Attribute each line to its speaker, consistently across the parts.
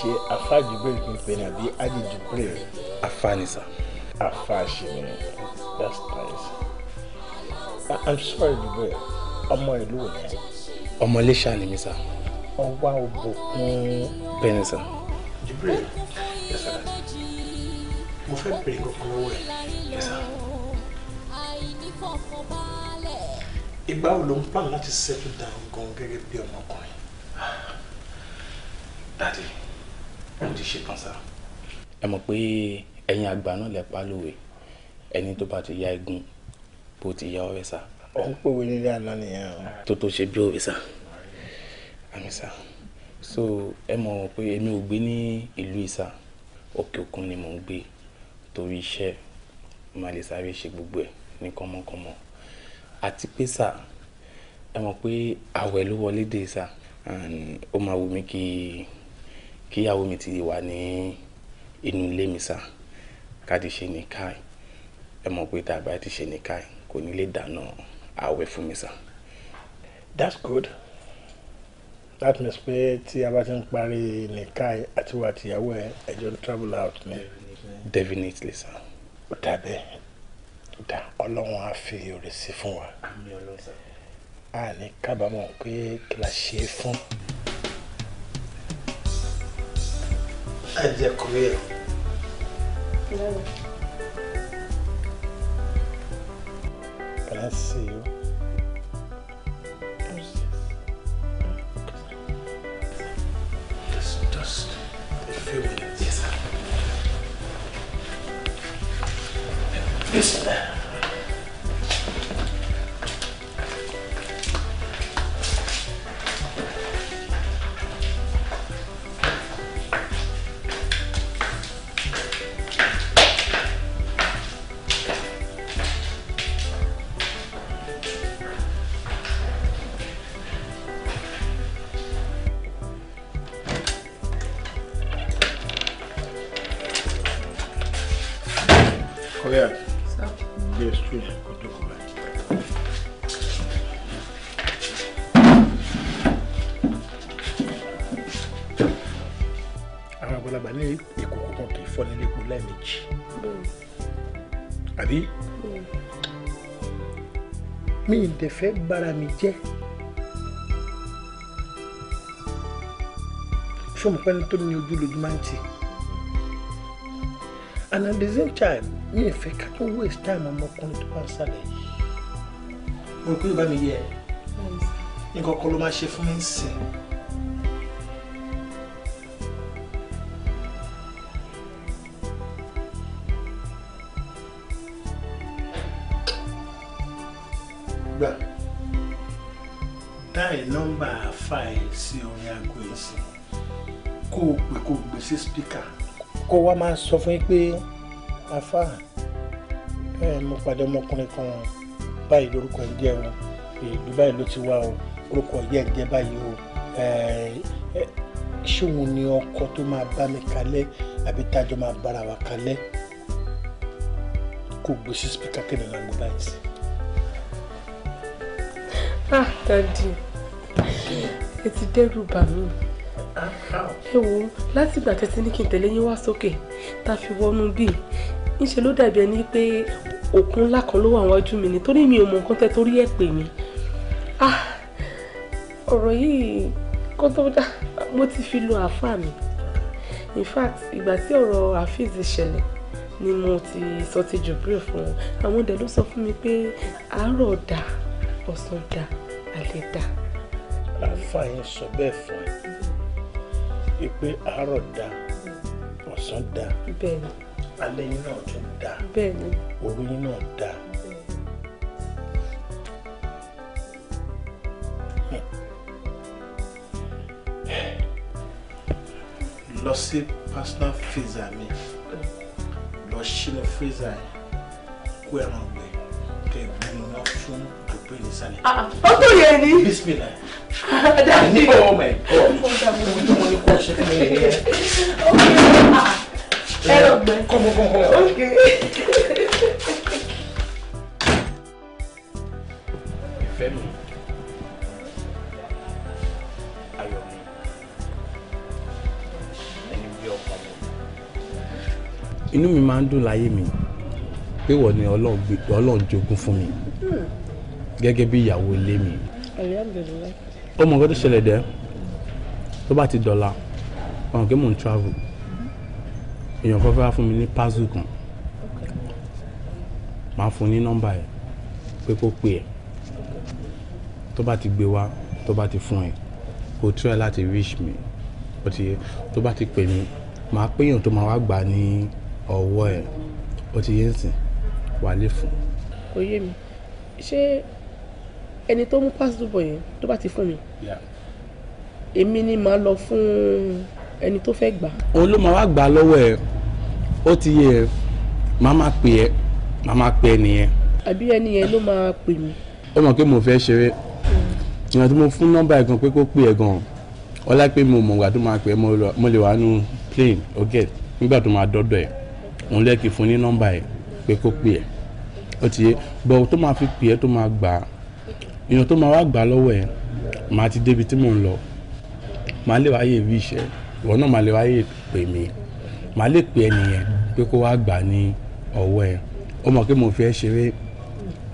Speaker 1: ṣe afa Jibril kí n pè ní àbí Aji Jibril. afa ni sir. afa ṣe ni that's nice. I'm sorry Jibril ọmọ ìlú wo ni. ọmọ Iléṣà ni mi sir. ọwá òbòkun. bẹ́ẹ̀ ni sir. Jibril yes sir mo fẹ́ bèrè kankan lọ́wọ́ ẹ̀ yes sir. ìgbà wo ló ń plan láti settle down gan
Speaker 2: gẹ́gẹ́ bí ọmọkùnrin. Daddy
Speaker 1: mo ti ṣetán sá. ẹ mọ̀ pé ẹ̀yin àgbà náà lẹ pa lówe ẹni tó bá ti ya igun bó ti ya ọ̀rẹ́ sá. ó ń pòwe nílé àná nìyẹn o. tó tó ṣe bí òwe sá àmì sá so ẹ mọ̀ pé èmi ò gbé ní ìlú ìsá òkè òkun ni mò ń gbé torí iṣẹ́ máa lè sáré ṣe gbogbo ẹ̀ ní kọ́mọkọ́mọ àti pé sá ẹ mọ̀ pé àwẹ̀ ló wọlé dé sá ó máa wù mí kí kíyàwó mi ti wà ní inú ilé mi sá ká ti ṣe nìkan ẹ mọ̀ pé tá ti ṣe nìkan kò ní lè dáná ààwẹ̀ fún mi sá. that's good that means pé tí a bá ti ń parí nìkan àti wà tìyàwó ẹ ẹjọ ń travel out ni. definitely sá. ó dàbẹ́ dà ọlọ́run á fi òrìṣì fún wa. àmín ọlọ́sà. a ní kábàámọ̀ pé kí la ṣe é fún. Mm -hmm.
Speaker 2: ẹ̀jẹ̀ kò see you?
Speaker 3: Just, just a few minutes. Yes, sir. Listen.
Speaker 1: tètè fẹ́ bara mi jẹ́ fún mi pẹ́ni tó ní ojú lójú máa ń tì and at the same time mi ì fẹ́ ká tó waste time ọmọkùnrin tó bá ń sálẹ̀ yìí mo rò pé yóò bá mi yẹ nǹkan kan mi ń sí spíkà kó wá máa sọ fún yín pé afa mo pàdé ọmọkùnrin kan báyìí lórúkọ ẹ̀ o ìlú báyìí ló ti wá o orúkọ yẹ̀ ń jẹ́ báyìí o ṣé òun ni ọkọ tó máa bá mi kalẹ̀ àbí tájọ́ máa bára wa kalẹ̀ kò gbé sí spíkà tẹ̀lé máa gbé báyìí sí.
Speaker 3: ah dadi
Speaker 1: ẹ ti dẹ́rù bà mí ẹ wo látìgbà tẹ́tí ní kí n tẹ̀lé yín wá sókè tá a fi wọnú bíi ńṣe ló dàbí ẹni pé òkun ńlá kan ló wà wájú mi nítorí mi ò mọ nǹkan tẹ́ torí ẹ̀ pè mí ah, ọ̀rọ̀ yìí kó tó dá mo ti fi lo àáfàá mi in fact ìgbà tí ọ̀rọ̀ àfíìs ṣẹlẹ̀ ni mo ti sọ ti Jubril fún wọn àwọn ọ̀dẹ̀ ló sọ fún mi pé àárọ̀ dà ọ̀sán dà alẹ́ dà. àáfàá yẹn sọ bẹ́ẹ̀ fún ẹ pé àárọ̀ da ọ̀sán da alẹ́ yín náà tún da òru yín náà da.
Speaker 2: lọ sí personal
Speaker 1: freezer mi lọ sínú freezer yẹn kó ẹran gbẹ kẹ gbẹ iná fún pé ní sálẹ̀.
Speaker 3: ó tó yẹ
Speaker 1: ni. bísímìlà. ní ọmọ ẹ̀ kọ́ ibi tí mo ní kó ṣe fún mi nìyẹn. ẹ lọ gbẹ. kọ́mọkọ́mọ. ìfẹ́ mi. inú mi máa ń dùn láyé mi pé wọ́n ni ọlọ́run jogún fún mi hmm gẹ́gẹ́ bí ìyàwó ilé mi. ó mọ nǹkan tó ṣẹlẹ̀ dẹ́ tó bá ti dọ̀la ọ̀hún kí mò ń travel èèyàn kan fẹ́ fún mi ní pásù kan màá fún ní nọ́mbà ẹ̀ pé kó pè ẹ́ tó bá ti gbé wá tó bá ti fún ẹ kó try láti reach me tó bá ti pè mí màá pé èèyàn tó máa wá gbà ní ọwọ́ ẹ̀ ó ti yé sìn wálé fún. kò yé mi ṣé ẹni tó mú pásítọ̀ bọ̀ yẹn tó bá ti fún mi èmi ni màá lọ fún ẹni tó fẹ́ gbà. òun ló máa wá gbà lọ́wọ́ ẹ̀ ó ti yẹ màá máa pè ẹ́ màá máa pè ẹ́ nìyẹn. àbí ẹni yẹn ló máa pè mí. ó mọ̀ pé mo fẹ́ ṣeré hmm. ìyẹn tó mo fún nọ́mbà ẹ̀ gan pé kó pè ẹ̀ gan ọlá pé mo mọ̀ ìgbà tó máa pè ẹ́ mo lè wà nù plane ọ̀gẹ̀ nígbà tó máa dọ́dọ̀ ẹ̀ òun lẹ́kì fún ní nọ́mbà ẹ̀ pé kó pè ẹ̀ ó ti yẹ bọ̀ tó máa fi pè ẹ́ tó máa gbà á èèyàn tó máa wá gbà lọ́wọ́ ẹ̀ màá ti débi tí mò ń lọ màá lè wáyé ìwé iṣẹ́ ìwọ náà màá lè wáyé pè mí màá lè pè ẹnìyẹn pé kó wá gbà ní ọwọ́ ẹ̀ ó mọ̀ pé mo fi ẹ́ ṣeré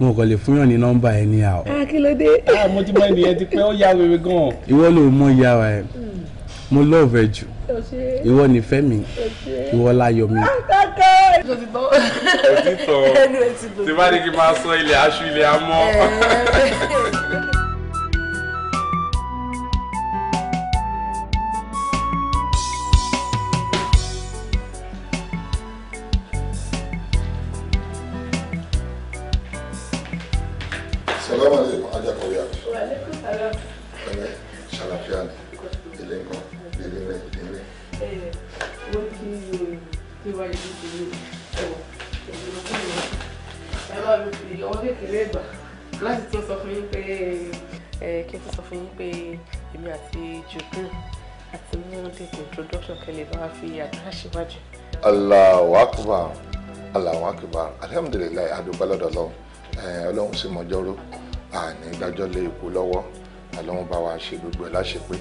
Speaker 1: mo kàn lè fúnyàn ní nọ́mbà ẹ ní àwọ̀. a ah, kí ló dé. Ah, mo ti mọ ẹnìyẹn ti pẹ́ ó yá wèrè gan-an. ìwọ ló mọ ìyá wa ẹ mo lọ́ọ̀fẹ́ jù
Speaker 3: ìwọ nífẹ̀ẹ́ mi ìwọ láyọ̀ mi. òtítọ́ tí bá ní
Speaker 1: kí n máa sọ ilé aṣọ ilé amọ́. basic introduction kẹlẹ bá fi àdúrà ṣíwájú.
Speaker 4: Allahu Akbar Allahu Akbar alhamdulilayi adúgbàlódé Ọlọ́run Ọlọ́run sì mọjọrò àní gbàjọ lé ikú lọ́wọ́ Ọlọ́run bá wa ṣe gbogbo ẹ láṣepé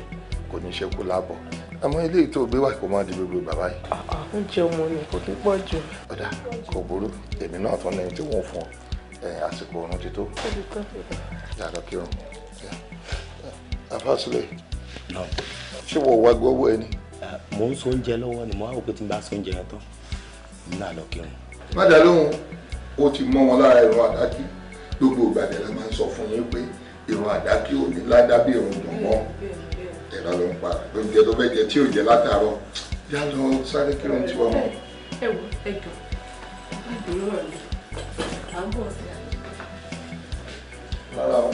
Speaker 4: kò ní ṣekú láàbọ̀ àmọ́ eléyìí tó gbé wà kó má di gbogbo bàbá yìí.
Speaker 1: oúnjẹ ọmọ ni kò kí pọ̀ jù.
Speaker 4: ọ̀dà kò burú èmi náà tán lẹ́yìn tí wọ́n fún ọ àsìkò ọ̀run ti tó. yàrá kírun àfàsílẹ̀ ṣé wọ́n wá gbọ́wọ́ ẹni. mò ń so oúnjẹ lọ́wọ́ ni mo á rò pé tí n
Speaker 2: bá so oúnjẹ yẹn tán n náà lọ kírun.
Speaker 4: má dà lóhùn ó ti mọ wọn lára ìrun àdákì gbogbo ìgbàdàn la máa ń sọ fún yín pé ìrun àdákì ò ní ládá bí ìrun dùn mọ́ ẹ̀rọ ló ń pa oúnjẹ tó bẹ́ẹ̀ jẹ tí ò jẹ látàárọ̀ yá lọ sáré
Speaker 3: kírun tí wọ́n mọ̀. ẹ wo ẹ jọ ìdúró rẹ à ń bọ̀ sí àná. rárá o.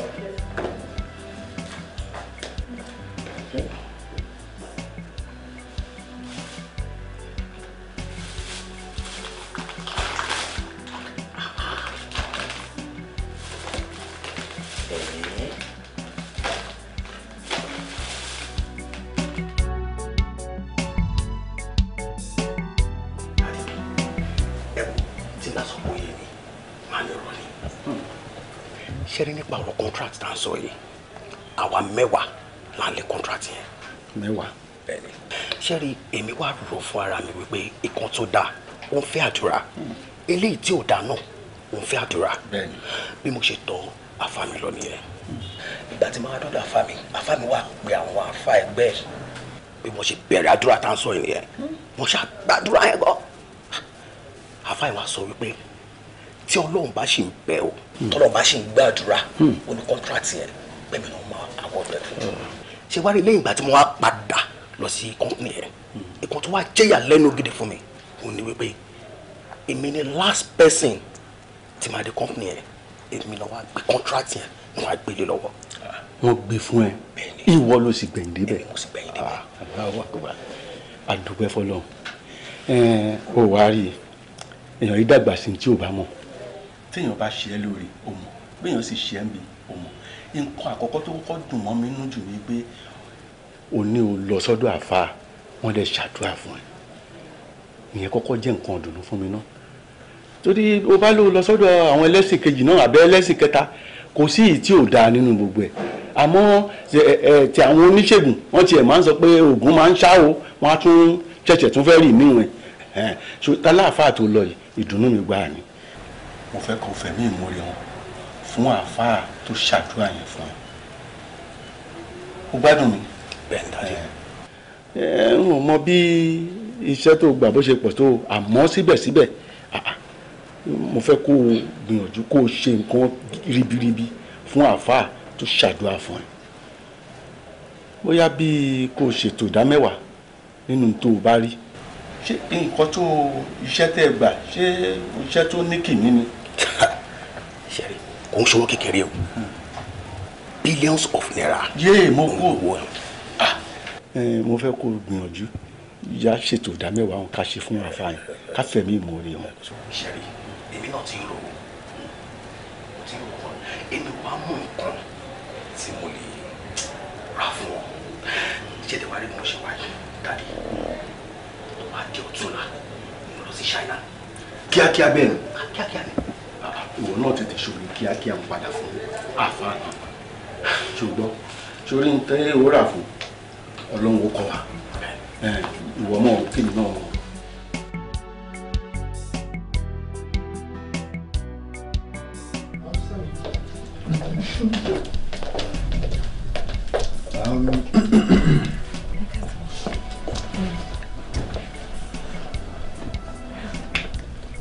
Speaker 1: lọ́rọ̀ ni hmm. ṣe rí nípa ọ̀rọ̀ contract tá à ń sọ yìí àwa mẹ́wàá là ń lé contract yẹn. mẹ́wàá. bẹ́ẹ̀ni ṣe rí èmi wá rò fún ara mi wípé ìkan tó dáa ó ń fẹ́ àdúrà hmm. eléyìí tí ò dáa náà ó ń fẹ́ àdúrà bí mo ṣe tọ̀ afá mi lọ nìyẹn ìgbà tí màá dọ́dọ̀ afá mi afá mi wá pe àwọn afá ẹgbẹ́ bí mo ṣe bẹ̀rẹ̀ àdúrà tá à sọ yìí nìyẹn hmm. mo ṣàgbàdúrà yẹn gbọ́ afá yẹn wá sọ wípé tí ọlọ́run bá ṣì ń bẹ o tọ́lọ́run bá ṣì ń gbàdúrà hmm. ó ní kọ́ńtrátì ẹ̀ pẹ̀lú náà máa àwọn ọ̀dọ̀ fún un ṣé wàá rí lẹ́yìn ìgbà tí mo wá padà lọ sí kọ́ńpìnì ẹ̀ ìkan tó wá jẹ́yà lẹ́nu gidi fún mi òun ni wípé èmi ni last person tí máa di kọ́ńpìnì ẹ̀ èmi lọ́wọ́ gbé kọ́ńtrátì ẹ̀ ni wàá gbélé lọ́wọ́. wọ́n gbé fún ẹ ìwọ ló sì gbẹ̀yìn débẹ̀ àdúgbò ẹ̀fọ́ lọ́hùn-ún ẹ̀ ò wá rí èèyàn yìí dàgbà sí ti ò bá mọ̀ téèyàn bá ṣe é lórí òmò béèyàn sì ṣe é mi òmò nǹkan àkọ́kọ́ tó kọ́kọ́ dùn mọ́ mi nú jù ni pé òní ò lọ sọ́dọ̀ àfa wọ́n lè ṣàdúrà fún ẹ ìyẹn kọ́kọ́ jẹ́ nǹkan ọ̀dùnnú fún mi náà torí o bá lò lọ sọ́dọ̀ àwọn ẹlẹ́sìn kejì náà àbẹ́ ẹlẹ́sìn kẹta kò sí ìyí tí ò dáa nínú gbogbo ẹ̀ àmọ́ ti àwọn oníṣègùn wọ́n tiẹ̀ máa ń sọ pé oògùn máa ń ṣá o wọ́n á tún ṣẹ̀ṣẹ̀ tún fẹ́ rì níwọ̀n ẹ̀ ṣùgbọ́n tá láàfáà tó lọ yìí ìdùnnú mi gbáà ni mo fẹ́ kó fẹ̀mí ìmúre wọn fún àáfàá tó ṣàdúrà yẹn fún ẹ o gbádùn mi. bẹ́ẹ̀ ni dájú. ẹ ẹ ń mọ bí iṣẹ́ tó gbà bó ṣe pọ̀ tó àmọ́ síbẹ̀síbẹ̀ mo fẹ́ kó o gbìyànjú kó o ṣe nǹkan ribiribi fún àáfàá tó ṣàdúrà fún ẹ bóyá bíi kó ṣètò ìdá mẹ́wàá nínú tó o bá rí. ṣé nǹkan tó iṣẹ́ tẹ́ gbà ṣé iṣẹ́ tó ní kìíní ni. ṣẹ́rí kò ń ṣọwọ́ kékeré o billions of naira. yéè mo kú òwò ah. ẹ. mo fẹ́ kó o gbìyànjú yá ṣètò ìdá mẹ́wàá wọn ká ṣe fún àfààní ká fẹ̀mí ìmoore wọn. ṣẹ́rí èmi náà ti ń rò ó ti ń rò ó èmi wàá mú nǹkan tí mo lè rà fún ọ jẹ́dẹ̀ wá rí bí mo ṣe wáyé dáadé tó bá di ọ̀túnla mo lọ sí China. kíákíá bẹ́ẹ̀ ni. Ah, kíákíá bẹ́ẹ̀ ni ìwọ náà tètè ṣòro kíákíá ń padà fún àfààní ṣùgbọ́n sórí ń tẹ́ ìwúrà fún ọlọ́run ó kọ́ wa ìwọ mọ̀ kíni náà mọ̀.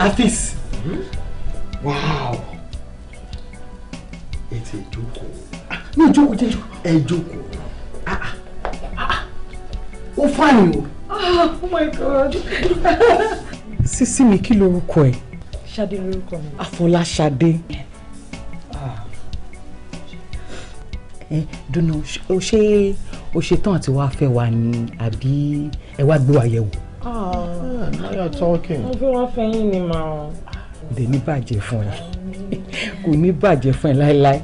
Speaker 3: Afis. Hmm? wow
Speaker 1: it's ẹ ti jókòó ní ìjókòó jẹ́ ẹ jókòó ah, ah, ah, ó ah. o. oh
Speaker 3: Oh my god.
Speaker 1: sísí mi kí lorúkọ ẹ.
Speaker 3: ṣadé lorúkọ mi.
Speaker 1: àfọláṣadé. dunu o ṣe o ṣetán àti wàá fẹ́ wa ni àbí ẹ wá gbé wa yẹ̀wò.
Speaker 3: ah
Speaker 1: now you're are talking. mo fi wọn fẹyín ni màá lè ní bàjẹ́ fún ẹ kò ní bàjẹ́ fún ẹ láéláé.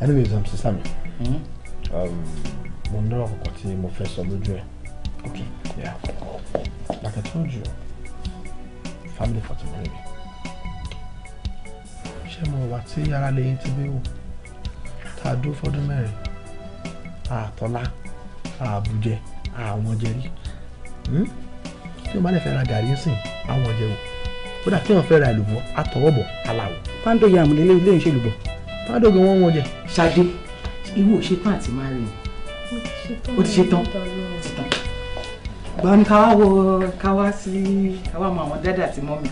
Speaker 1: anyways um, sister mi hmm? um, mo ní ọ̀rọ̀ kan tí mo fẹ́ sọ lójú ẹ̀ okay yeah like I told you family photo mi rèé ṣé mo wà tí ara lẹ́yìn ti bí wò tá a dúró fọdún mẹ́rin àtọ́lá àbújẹ àwọn jẹrí hmm? tí o bá lè fẹ́ ra gàrí sìn àwọn jẹ ó dà kí wọn fẹ́ ra ìlùbọ́ àtọwọ́bọ̀ aláwọ̀. pando yam lélẹ́ ilé ìṣe ìlùbọ́ pando gan wọ́n wọ́n jẹ. ṣadé ìwọ ò ṣe tán àti máa rìn
Speaker 3: ó ti ṣe tán tán
Speaker 1: gbọ́n ni ká wá wọ ká wá sí ká wá mọ àwọn dáadáa àti mọ́mì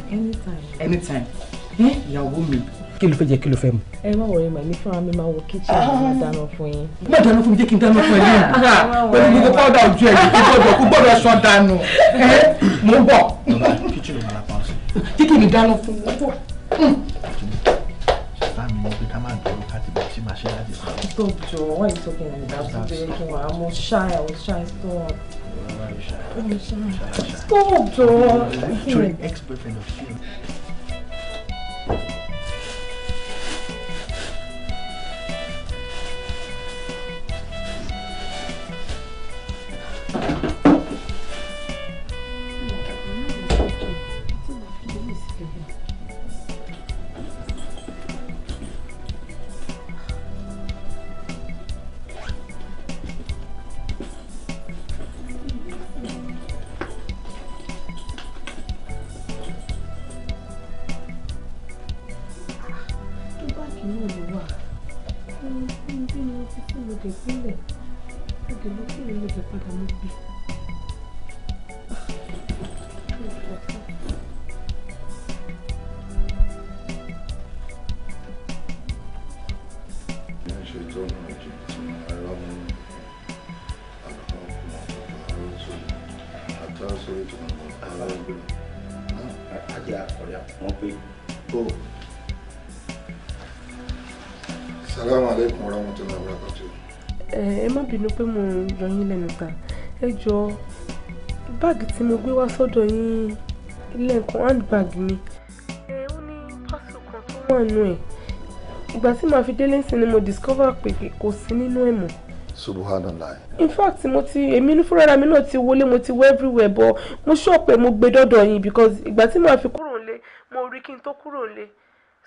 Speaker 1: anytime ìyàwó mi kí ló fẹ́ jẹ kí ló fẹ́ mu. ẹ má wọrí màmí fúnra mi máa wọ kíchìn máa dáná fún yín. má dáná fún mi jẹ́ kí n dáná fún ẹ ní ìlú. pẹ̀lú gbogbo pọ́dà ojú ẹ̀ yìí kó gbọ́dọ̀ kó gbọ́dọ̀ sọ dànù. mo ń bọ̀. kíchìn ló máa jẹ́ kí dáná fún wọn bọ̀. bá mi ní pé ká má dúró ká ti bọ̀ sí láti sọ. stop jọ why you talking like that to bẹ kí wàá mo ṣáà mo ṣáà stop. stop jọ. sorry ex-boyfriend of you.
Speaker 4: salamu aleykum warahmatullahi wabarakatuh.
Speaker 1: Eh, ẹ má bínú pé mo yọ yín lẹ́nu gbà ẹ jọ báàgì tí mo gbé wá sọ́dọ̀ yín lẹ́ẹ̀kan handbag mi. ẹ ó ní kan tó wà nù ẹ̀ ìgbà tí màá fi délé sí ni mo discover pé kò sí nínú ẹ̀ mọ́
Speaker 4: subhanallah.
Speaker 1: in fact mo ti èmi ní fúnra mi náà ti wọlé mo ti wọ everywhere but mo sọ pé mo gbé dọ́dọ̀ yín because ìgbà tí màá fi kúrò nílé mo rí kí n tó kúrò nílé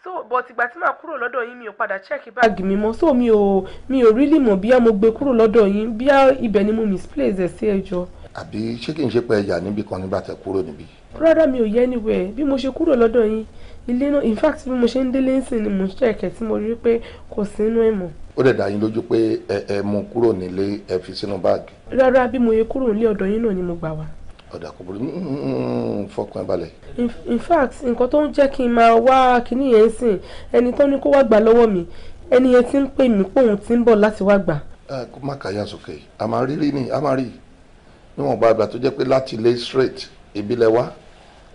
Speaker 1: so but ìgbà tí màá kúrò lọ́dọ̀ yín mi ò padà check báàgì mi mọ́ so mi ò mi ò really mọ̀ bíyà mo gbé kúrò lọ́dọ̀ yín bíyà ibẹ̀ ni mo misplace ẹ̀ sí ẹjọ́.
Speaker 4: àbí ṣé kì í ṣe pé ẹ̀yà níbì kan nígbà tẹ kúrò níbí.
Speaker 1: rárá mi ò yẹ anywhere bí mo ṣe kúrò lọ́dọ̀ yín ilé náà in fact bí mo ṣe ń délé ńsìn ni mo ń check ẹ̀ tí mo rí pé kò sínú ẹ̀ mọ́
Speaker 4: ó dẹ̀ dá yín lójú pé ẹ ẹ mú kúrò nílé ẹ fi sínú báàgì.
Speaker 1: rárá bí mo yẹ kúrò nílé ọ̀dọ̀ yín náà ni mo gbà wá
Speaker 4: ọ̀dà kò burú mm, mm, mm, fọkàn balẹ̀.
Speaker 1: in fact nǹkan tó ń jẹ́ kí n máa wá kinní yẹn sìn ẹni tó ní kó wá gbà lọ́wọ́ mi ẹni yẹn ti ń pè mí pé òun ti ń bọ̀ láti wá gbà. kó má
Speaker 4: kàyà sókè a máa rí rí ni a máa rí níwọ̀n bá àgbà tó jẹ́ pé láti ilé straight ibi lẹ wá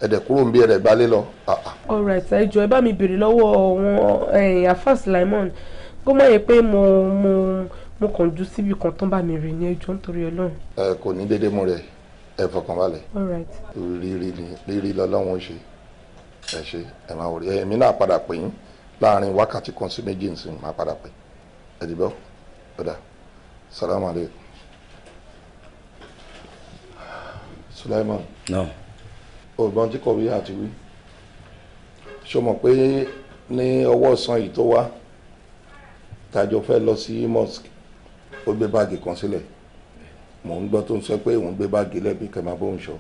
Speaker 4: ẹ̀dẹ̀ kúrò ń bí ẹ̀dẹ̀ balẹ̀ lọ. Ah, ah.
Speaker 1: alright ẹ jọ̀ọ́ ẹ bá mi béèrè lọ́wọ́ àwọn afa Sulaimon kó má yẹ pé mo mo mo kàn ju síbi kan tó bá mi rìn ní ẹjọ́ nítorí Ọlọ́run.
Speaker 4: kò ní déédéé mú rẹ̀ ẹ fọkànbalẹ̀ rírí ni rírí lọ́lọ́run ó ṣe ẹ ṣe ẹ máa wọlé ẹ̀mí náà padà pè yín láàrin wákàtí kan sí méjì nsìn máa padà pè ẹ dìbò ọ̀dà salamu aleykum Sulaiman ọ̀gbọ́n tí kò wí àti wí ṣó mọ̀ pé ní ọwọ́ san yìí tó wá tàjọ fẹ́ lọ sí mosque ó gbé báàgì kan sílẹ̀. Si mò ń gbọ́ tó ń sọ pé òun gbé báàgì lẹ́bi kẹ́ máa bóun sọ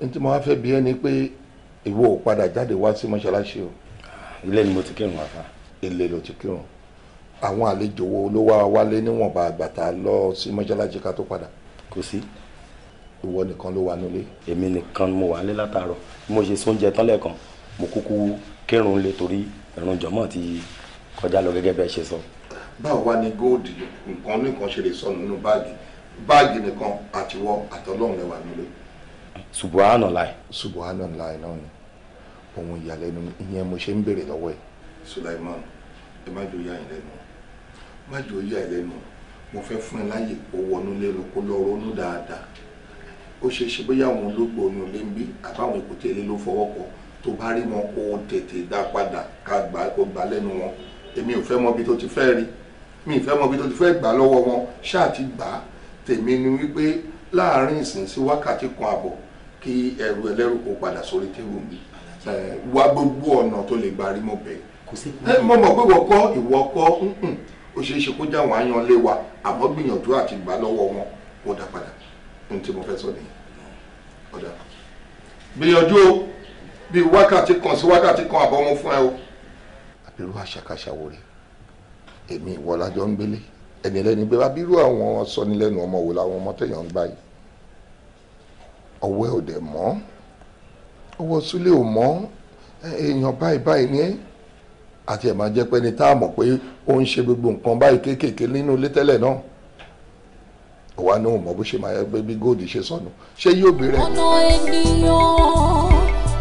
Speaker 4: ní tí mo wá fẹ́ bi ẹ́ ni pé ìwọ ò padà jáde wá sí mọ́ṣáláṣí o. ilé ni mo ti kírun àfa. ilé ló ti kírun àwọn àlejò wo ló wá wálé níwọ̀nba àgbàtà lọ sí mọ́ṣáláṣí ká tó padà. kò sí. ìwọ nìkan ló wà nílé.
Speaker 1: èmi nìkan mo wà nílé mo ṣe sóúnjẹ tán lẹ́ẹ̀kan mo kúkú kírun lé torí ìrun jọ̀mọ́ ti kọjá lọ gẹ́gẹ́ bẹ́ẹ̀ ṣe sọ.
Speaker 4: báwo wá ni góòdì nǹkan oníkan ṣe lè sọnù nínú báàgì báàgì nìkan àtiwọ́ àtọ́lọ́hún lẹ́wà nílé. subuhana lai. subuhana lai náà ni ohun ìyàlẹ́nu ìyẹn mo ṣe ń béèrè lọ́wọ́ ẹ̀. Sulaiman ẹ má jò yà yín lẹ́nu má jò yà yín lẹ́nu mo fẹ́ fún ẹ láyè kó wọnú lẹ́nu kó lọ ronú dáadáa ó ṣe é ṣe bóyá àwọn olóògbé ònú lé ń bí àbáwọn èkúté ilé ló fọwọ́ kọ tó bá rí wọn kó tètè dá padà ká gbà kó gbà lẹ́nu wọn èmi ò fẹ́ mọ ibi tó ti fẹ́ rí mi ì fẹ́ mọ ibi tó ti fẹ́ gbà lọ́wọ́ wọn ṣáà ti gbà á tèmi ni wípé láàrin ìsìn sí wákàtí kan àbọ̀ kí ẹrù ẹlẹ́rù kó padà sórí tébù mi wá gbogbo ọ̀nà tó lè gbarí mọ̀
Speaker 1: bẹ́ẹ̀.
Speaker 4: mo mọ̀ pé wọ́n kọ́ ìwọ kọ́ ó ṣeé ṣe kó já wọn ayan lé wa àmọ́ gbìyànjú àti gbà lọ́wọ́ wọn kó dá padà ohun tí mo fẹ́ sọ nìyẹn ọ̀dà. gbìyànjú o bí wákàtí kan sí wákàtí kan àbọ̀ mo fún ẹ o. àbí irú àṣàkáṣà wo rèé èmi ìwọ lájọ ń gbélé ẹni ẹlẹ́ni pé wá bírú àwọn sọnilẹ́nu ọmọ wò làwọn ọmọ tẹ̀yàn ń báyìí ọwọ́ ẹ̀ mọ́ ọwọ́ súlẹ̀ ò mọ́ èèyàn báyìí báyìí ni àti ẹ̀ máa jẹ́ pé tá a mọ̀ pé ó ń ṣe gbogbo nǹkan báyìí kéékèèké nínú ilé tẹ́lẹ̀ náà òwa ni òun mọ̀ bó ṣe máa yẹ pé bí góòdì ṣe sọnù ṣé yóò bẹ̀rẹ̀. ọ̀nà
Speaker 3: ènìyàn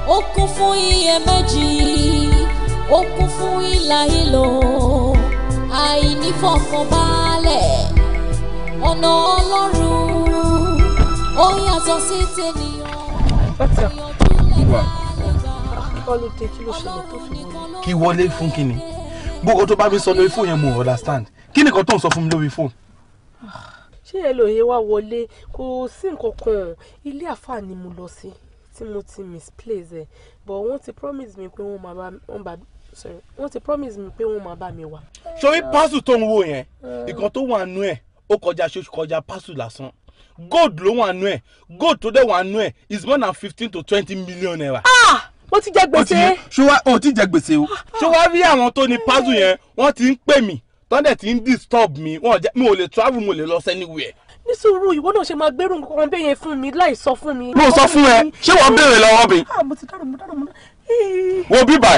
Speaker 3: ó kún fún iyèméjì ó kún fún ìlà ìlò àìnífọ̀kànbá ẹ̀ ọ̀nà ọlọ́run ó yàtọ̀ sí tènìyàn
Speaker 1: ìyànjú lẹ́gbàá lẹ́gbàá. kí wọlé fún kínni gbogbo tó bá mi sọ lórí fóònù yẹn mo understand kí nìkan tó ń sọ fún mi lórí fóònù ṣé ẹ lóye wá wọlé kò sí nǹkan kan ilé àfáà ni mo lọ sí tí mo ti misplace ẹ but wọ́n ti promise mi pé wọ́n máa sorry wọ́n ti promise mi pé wọ́n máa bá mi wá. sori pásù tó ń wo yẹn eh. nǹkan tó wà nú ẹ̀ ó kọjá ṣoṣù kọjá pásù lásán gold ló wà nú ẹ̀ gold tó dẹ̀ wà nú ẹ̀ is more than fifteen to twenty million naira. ah mo ti jẹ gbèsè. o ti jẹ gbèsè o. Ah. ṣé wàá rí àwọn tó ní pásù yẹn wọ́n ti ń pè mí tọ́ndẹ̀ ti ń disturb mi wọn ò jẹ́ mi ò lè travel mo lè lọ anywhere. ní sùúrù ìwọ náà ṣe máa gbẹ́rù nǹkan bẹ́ẹ̀ yẹn fún mi láì sọ fún mi. mo sọ fún ẹ ṣé wọ́n béèrè lọ́wọ́ mi.
Speaker 3: Ah, wo bíbà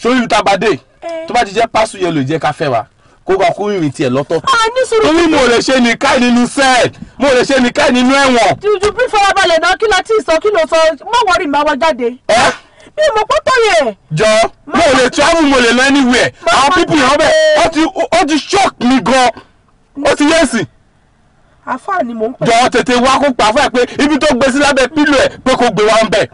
Speaker 1: sórí tá a bá dé eh. tó bá ti jẹ́ pásù yẹn ló jẹ́ ká fẹ́ wa kó bá kó rìn tiẹ̀ lọ́tọ̀. Ah, torí mo lè ṣe nìkan nínú sẹ́ẹ̀d mo lè ṣe nìkan nínú ẹ̀wọ̀n. jùjú bí farabalẹ̀ náà kí ló ti sọ kí ló sọ mọ̀ wọ́n rí màá wọ jáde. ẹ mi ò mọ pọ́tọ́ yẹn. jọ mo lè travel mo lè lọ anywhere àwọn pípì yẹn bẹ́ẹ̀ ó ti shock mi gan ó ti yẹ̀ sí àfáà ni mò ń pè. jọ tètè wá kó pa àfáà pé ibi tó gbé sí lábẹ́ pílò ẹ̀ pé kó gbé wa ń bẹ̀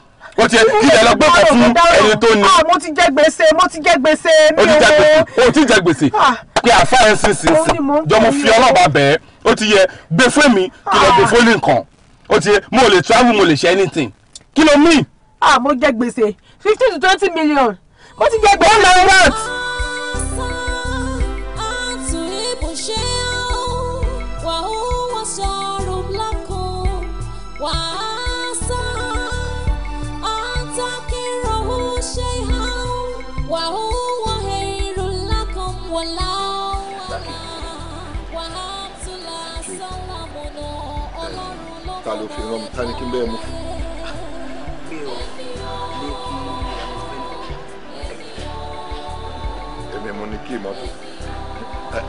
Speaker 1: o ti ilẹ̀ lọ gbọ́kọ̀ fún ẹni tó ní. Ah, mo ti jẹ gbèsè mo ti jẹ gbèsè mi o. o ti jẹ gbèsè ah. pé àfa ẹ sì sì sì jọ mo fi ọlọ́ba bẹ́ẹ̀ o ti yẹ gbé fún mi kí lọ gbé ah. fún ní nǹkan o ti yẹ mo lè travel mo lè ṣe anything kí ló mean. ah mo jẹ gbèsè fifteen to twenty million mo ti jẹ gbèsè. one
Speaker 3: million. wàláwò wàláwò àtúlà sálàmùnà
Speaker 4: ọlọ́run ló ta ló fi ràn mí ta ni kí n bẹ́ẹ̀ mú. èmi mo ní kí ìmọ̀tò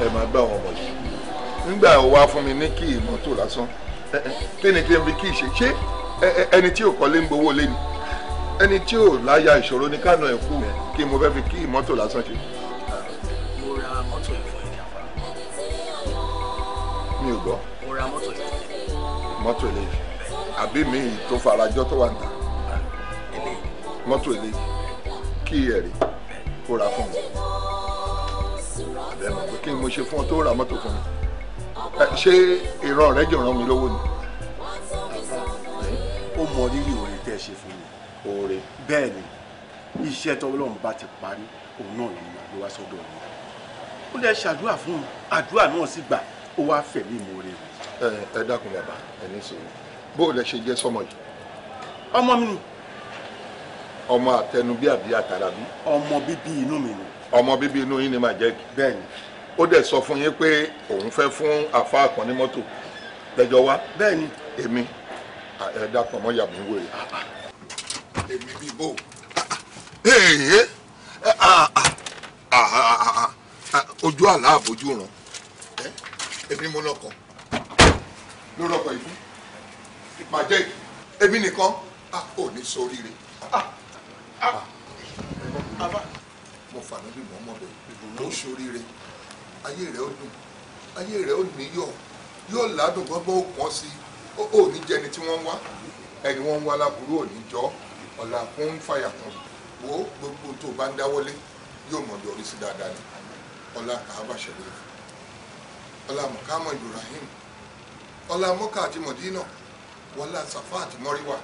Speaker 4: ẹ máa gbá àwọn ọmọ yìí nígbà wá fún mi ní kí ìmọ̀tò lásán kí ni kí n fi kí ìṣe ṣé ẹni tí ò kọ́lé ń gbowó lé ni ẹni tí ò láya ìṣòro ní kánà ẹ̀kú kí mo fẹ́ fi kí ìmọ̀tò lásán ṣe. mi ò gbọ́.
Speaker 3: mo ra mọ́tò yìí.
Speaker 4: mọ́tò eléyìí àbí mi yìí tó farajọ tó wà ń ta. mọ́tò eléyìí kí ẹ rí kó ra fún mi. àbẹ̀mọ̀ pé kí ni mo ṣe fún ọ tó ra mọ́tò fún mi. ṣé ìran rẹ jọ ràn mí lọ́wọ́ ni. ó mọ rírì
Speaker 1: oore tẹ́ ẹ ṣe fún mi. oore. bẹ́ẹ̀ ni iṣẹ́ tọ́lọ́run bá ti parí òun náà ló wá sọ́dọ̀ mi. ó lè ṣàdúrà fún un àdúrà náà sì gbà ó wá
Speaker 4: fẹ̀lé ìmoore. ẹ ẹ dákun bàbá ẹ ní sòrò bó o lè ṣe jẹ sọmọ yìí. ọmọ mi ni. ọmọ àtẹnubí àbí àtàrà bí. ọmọ bíbí inú mi ni. ọmọ bíbí inú yín ni màá jẹ́ kí. bẹ́ẹ̀ni. ó dẹ̀ sọ fún yín pé òun fẹ́ fún àfa kan ní mọ́tò lẹ́jọ́ wá. bẹ́ẹ̀ni. èmi ẹ dákun ọmọ yàgò ń wèrè. èmi bíi bò. ojú àlá àbójú ràn èmi ni mo lọ́kọ ló rọ́kọ yìí fún màá jẹ́ èmi nìkan a ah, ò ní ṣoríire. Ah, ah. mo fà níbi mọ́ mọ́ bẹ́ẹ̀ ló ṣoríire ayé rẹ̀ ó dùn ayé rẹ̀ ó níyọ̀ yóò ládùn gbọ́ngbọ́n ó pọ́n sí i ó ní jẹni tí wọ́n wá ẹni wọ́n wá láburú ò ní jọ́ ọ̀la kún fàyà kún wo gbogbo tó bá ń dáwọ́lé yóò mọ̀ yọrí sí dáadáa ni ọ̀la kàá bàṣẹ́ lóyún ọlá mukamu ibrahim ọlá mọ́kà àti mọ̀dínà wọlá safa àti mọ́ríwá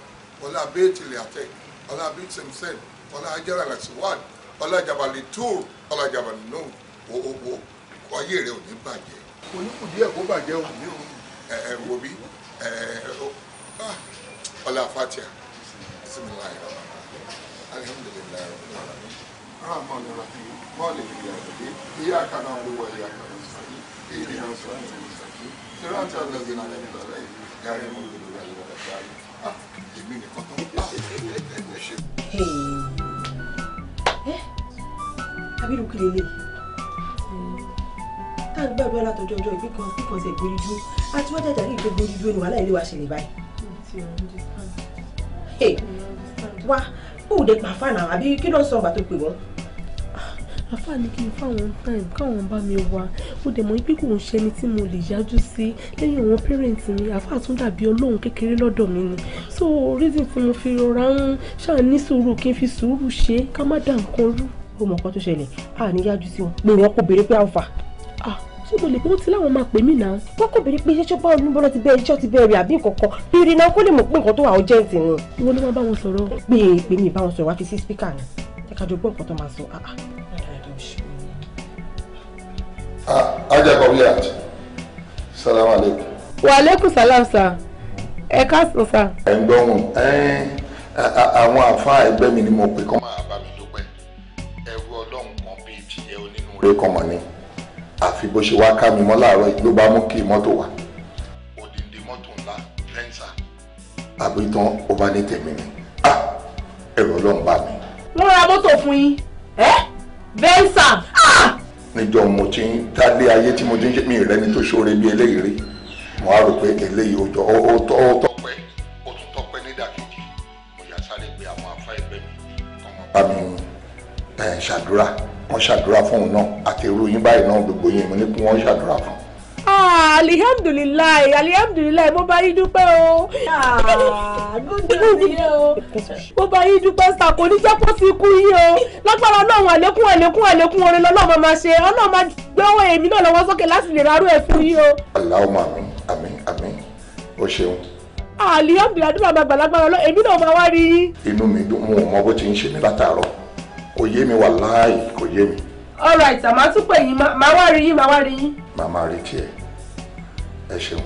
Speaker 4: ọlá bẹ́ẹ̀tìlẹ̀ àtẹ ọlá bíṣẹ̀mṣẹ̀l ọlá ajẹ́rà làṣíwád ọlá jabali tóor ọlá jabali nù owó ọyẹ rẹ ò ní bàjẹ́. kò ní kùdí ẹ̀ kó bàjẹ́ o. ẹ ẹ wo bí ẹ ẹ ọlá fatia bisimilayi alhamdulilayi rahman rahim mọ́ọ̀lì ìyá ìyá kanáà ló wọ ìyá kanáà. إلينا صراط المستقيم صراط الذين أنعمت عليهم غير المغضوب عليهم ولا
Speaker 1: الضالين tàbí tá a gbàdúrà látọjọ́ ọjọ́ ìpín kan pín kan ṣe gbórí dúró àti wọ́n jàjà ní ìgbógun dúdú ni wàhálà ilé wa ṣẹlẹ̀
Speaker 3: báyìí.
Speaker 1: wá ó dé pàfànà àbí kí ló ń sọ ọgbà tó àfáà ní kí n fáwọn time káwọn bá mi wá ó dẹ̀ mọ́ pé kò ń ṣe ẹni tí mo lè yájú sí lẹ́yìn àwọn parents mi àfáà tún dàbí ọlọ́run kékeré lọ́dọ̀ mi ni so reason tí mo fi rọra ń ṣáà ní sùúrù kí n fi sùúrù ṣe ká má dà nǹkan rú. ó mọ̀ nǹkan tó ṣẹlẹ̀ a ní yájú sí wọn pé wọn kò béèrè pé àǹfà. ṣé mo lè pé wọ́n ti láwọn máa pè mí náà. wọ́n kò béèrè pé iṣẹ́ bá olú bọ́lá ti bẹ́ẹ̀ iṣẹ́ ti bẹ́ẹ̀ rẹ̀ àbí nǹkan kan bèrè náà kó lè mọ̀ pé nǹkan tó wà urgent ni. ìwọ ló máa bá wọn sọ̀rọ̀. pé pé mi bá wọn sọ̀rọ̀ wá fi sí speaker ni ẹ ká jọ gbọ́ nǹkan tó máa sọ
Speaker 4: ajá kọ́bíyàt salamu aleykum.
Speaker 1: wa aleykum salam sa ẹ káàsán sa.
Speaker 4: ẹ ń gbọ́hùn àwọn àfáà ẹgbẹ́ mi ni mo pè kọ́ máa bá mi dúpẹ́ ẹrú ọlọ́run kan bíi tìyẹ onínúure kan mọ̀ ni àfi bó ṣe wá ká mi mọ́ láàárọ̀ ló bá mú kí mọ́tò wá òdìdí mọ́tò ńlá fẹ́ǹsà àbí tán ó bá ní tèmi ni ẹrú ọlọ́run bá mi.
Speaker 1: wọ́n ra mọ́tò fún yín ẹ́ fẹ́ǹsà
Speaker 4: níjọ mo ti ń dálé ayé tí mo ti ń ṣe mí rẹ ni tó ṣoore bí eléyìí rí mo á rò pé eléyìí ó jọ ó tọpẹ ó tún tọpẹ nídàkejì mo yà sáré pé àwọn afá ẹgbẹ́ mi ọmọ bá mi ṣàdúrà wọn ṣàdúrà fún òun náà àti irú yín báyìí náà gbogbo yín mo ní kí wọn ṣàdúrà fún un.
Speaker 1: Ah, alihamdulilayi alihamdulilayi mo bá yín dúpẹ́ o ah, mo bá yín dúpẹ́ sàkó oníjẹ́ kó ti kú yín o lágbára ọlọ́run àlékún àlékún àlékún orin lọ́lọ́run máa ṣe ọlọ́run máa gbé owó èmi náà lọ́wọ́ sókè láti lè rárú ẹ̀ fún yín o.
Speaker 4: aláwọ̀ àmín àmín àmín o ṣeun.
Speaker 1: Ah, alihamdulilayi dúpẹ́ àbàbà lágbára ọlọ́run èmi náà máa wá rí yín.
Speaker 4: inú mi dùn mo mọ bó ti ń ṣe mí látàárọ̀ kò yé mi wà láàyè kò yé mi
Speaker 1: all right àmọ́ tún pè yín máa wá rí yín máa wá rí yín.
Speaker 4: màá máa rí tiẹ̀
Speaker 3: ẹ ṣeun.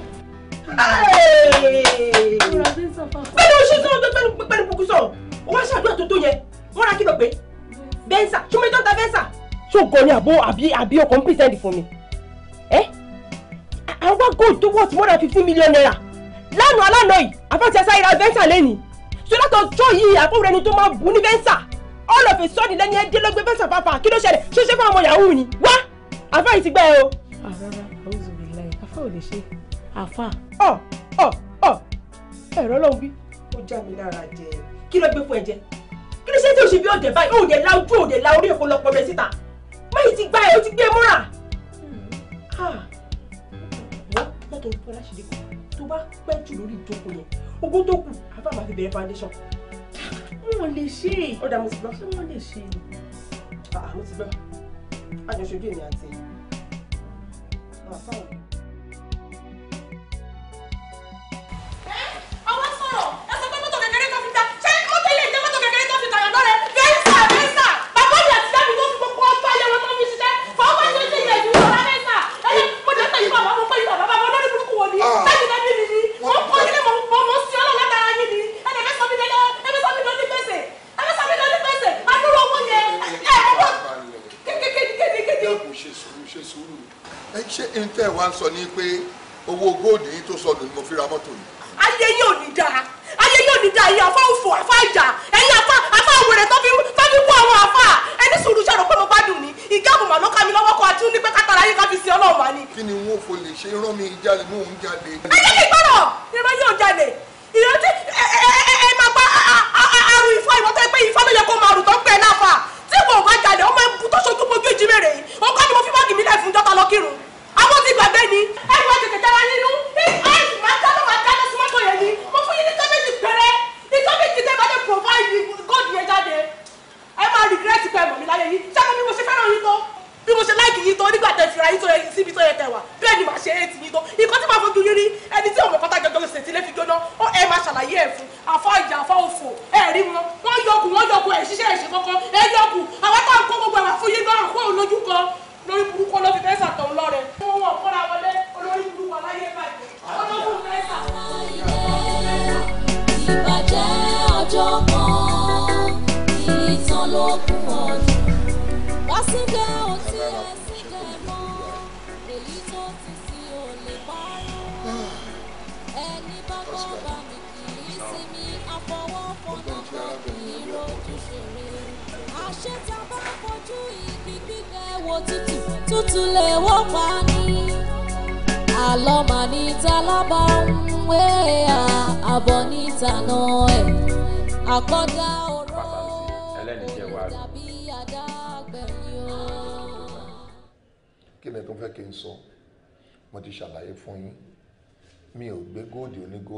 Speaker 1: pẹ̀lú oṣù sọ̀rọ̀ tó pẹ̀lú pẹ̀lú kúkú sọ̀rọ̀ ó wá ṣàdúrà tó tó yẹn wọ́n ra kí ló pé bẹ́ńsà ṣùgbọ́n ìjọba bẹ́ńsà. ṣògo ni àbó àbí àbí ọkọ̀ ń pèsè ẹ̀dì fún mi. ẹ àwa gold tó worth more than fifteen million naira lánàá lánàá yìí àfàtì asáyìí ra bẹ́ńsà lẹ́nìí sọ́dọ̀tọ̀ ọjọ́ yìí àkọ́wé ẹni tó máa bù ní bẹ́ńsà all of a sudden lẹ́ni ẹ dé ló gbé fẹsẹ̀ pàápàá kí ló ṣẹlẹ̀ ṣó ṣe fún ọmọ yahoo ni wá àfa yìí ti gbẹ ẹ o.
Speaker 3: àràrà àwùjọ mi láì àfa ò lè
Speaker 1: ṣe àfa. ọ ọ ọ ẹ̀rọ ọlọ́run bí ó já mi lára jẹ kí ló gbé fún ẹ jẹ kí ló ṣe tí o ṣe bí òde báyìí òde la ojú òde la orí èkó lọpọ rẹ síta báyìí ti gbá ẹ ó ti gbé múra. látọ̀ ìfọláṣẹ́ tó bá pẹ́ jù lórí ìjókòó yẹn ogún tó kù àbá máa fi bẹ̀rẹ̀ foundation wọn lè ṣe é. ó dà mo ti gbọ́ ṣé wọ́n lè ṣe é. àmọ́ ti gbọ́ àjọṣojú èmi àti ẹ̀.
Speaker 4: sọ ní pé owó góòdù yìí tó sọnù ni mo fi ra mọ́tò ni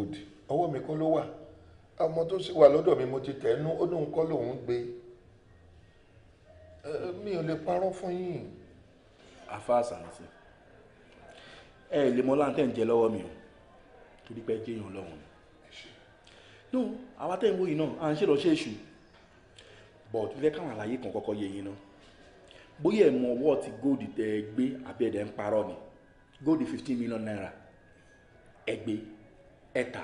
Speaker 4: good ọwọ́ mi kọ́ ló wà ọmọ tó sì wà lọ́dọ̀ mi mo ti tẹ̀ẹ́nú ó lóun kọ́ lòun gbé mi ò lè parọ́ fún yín.
Speaker 1: afa àṣàǹsì ẹ lè mọ láǹtẹ̀ ń jẹ lọ́wọ́ mi o torí pé jẹ́ èèyàn lọ́hùn no àwa tẹ̀ ń wòye náà à ń ṣèrànṣẹ́ èṣù but fẹ́ káwọn àlàyé kan kọ́kọ́ yé yín náà bóyá ẹ̀ mọ ọwọ́ ti góòdì tẹ́ ẹ gbé àbí ń parọ́ ni góòdì fifteen million naira ẹ gbé ẹ tà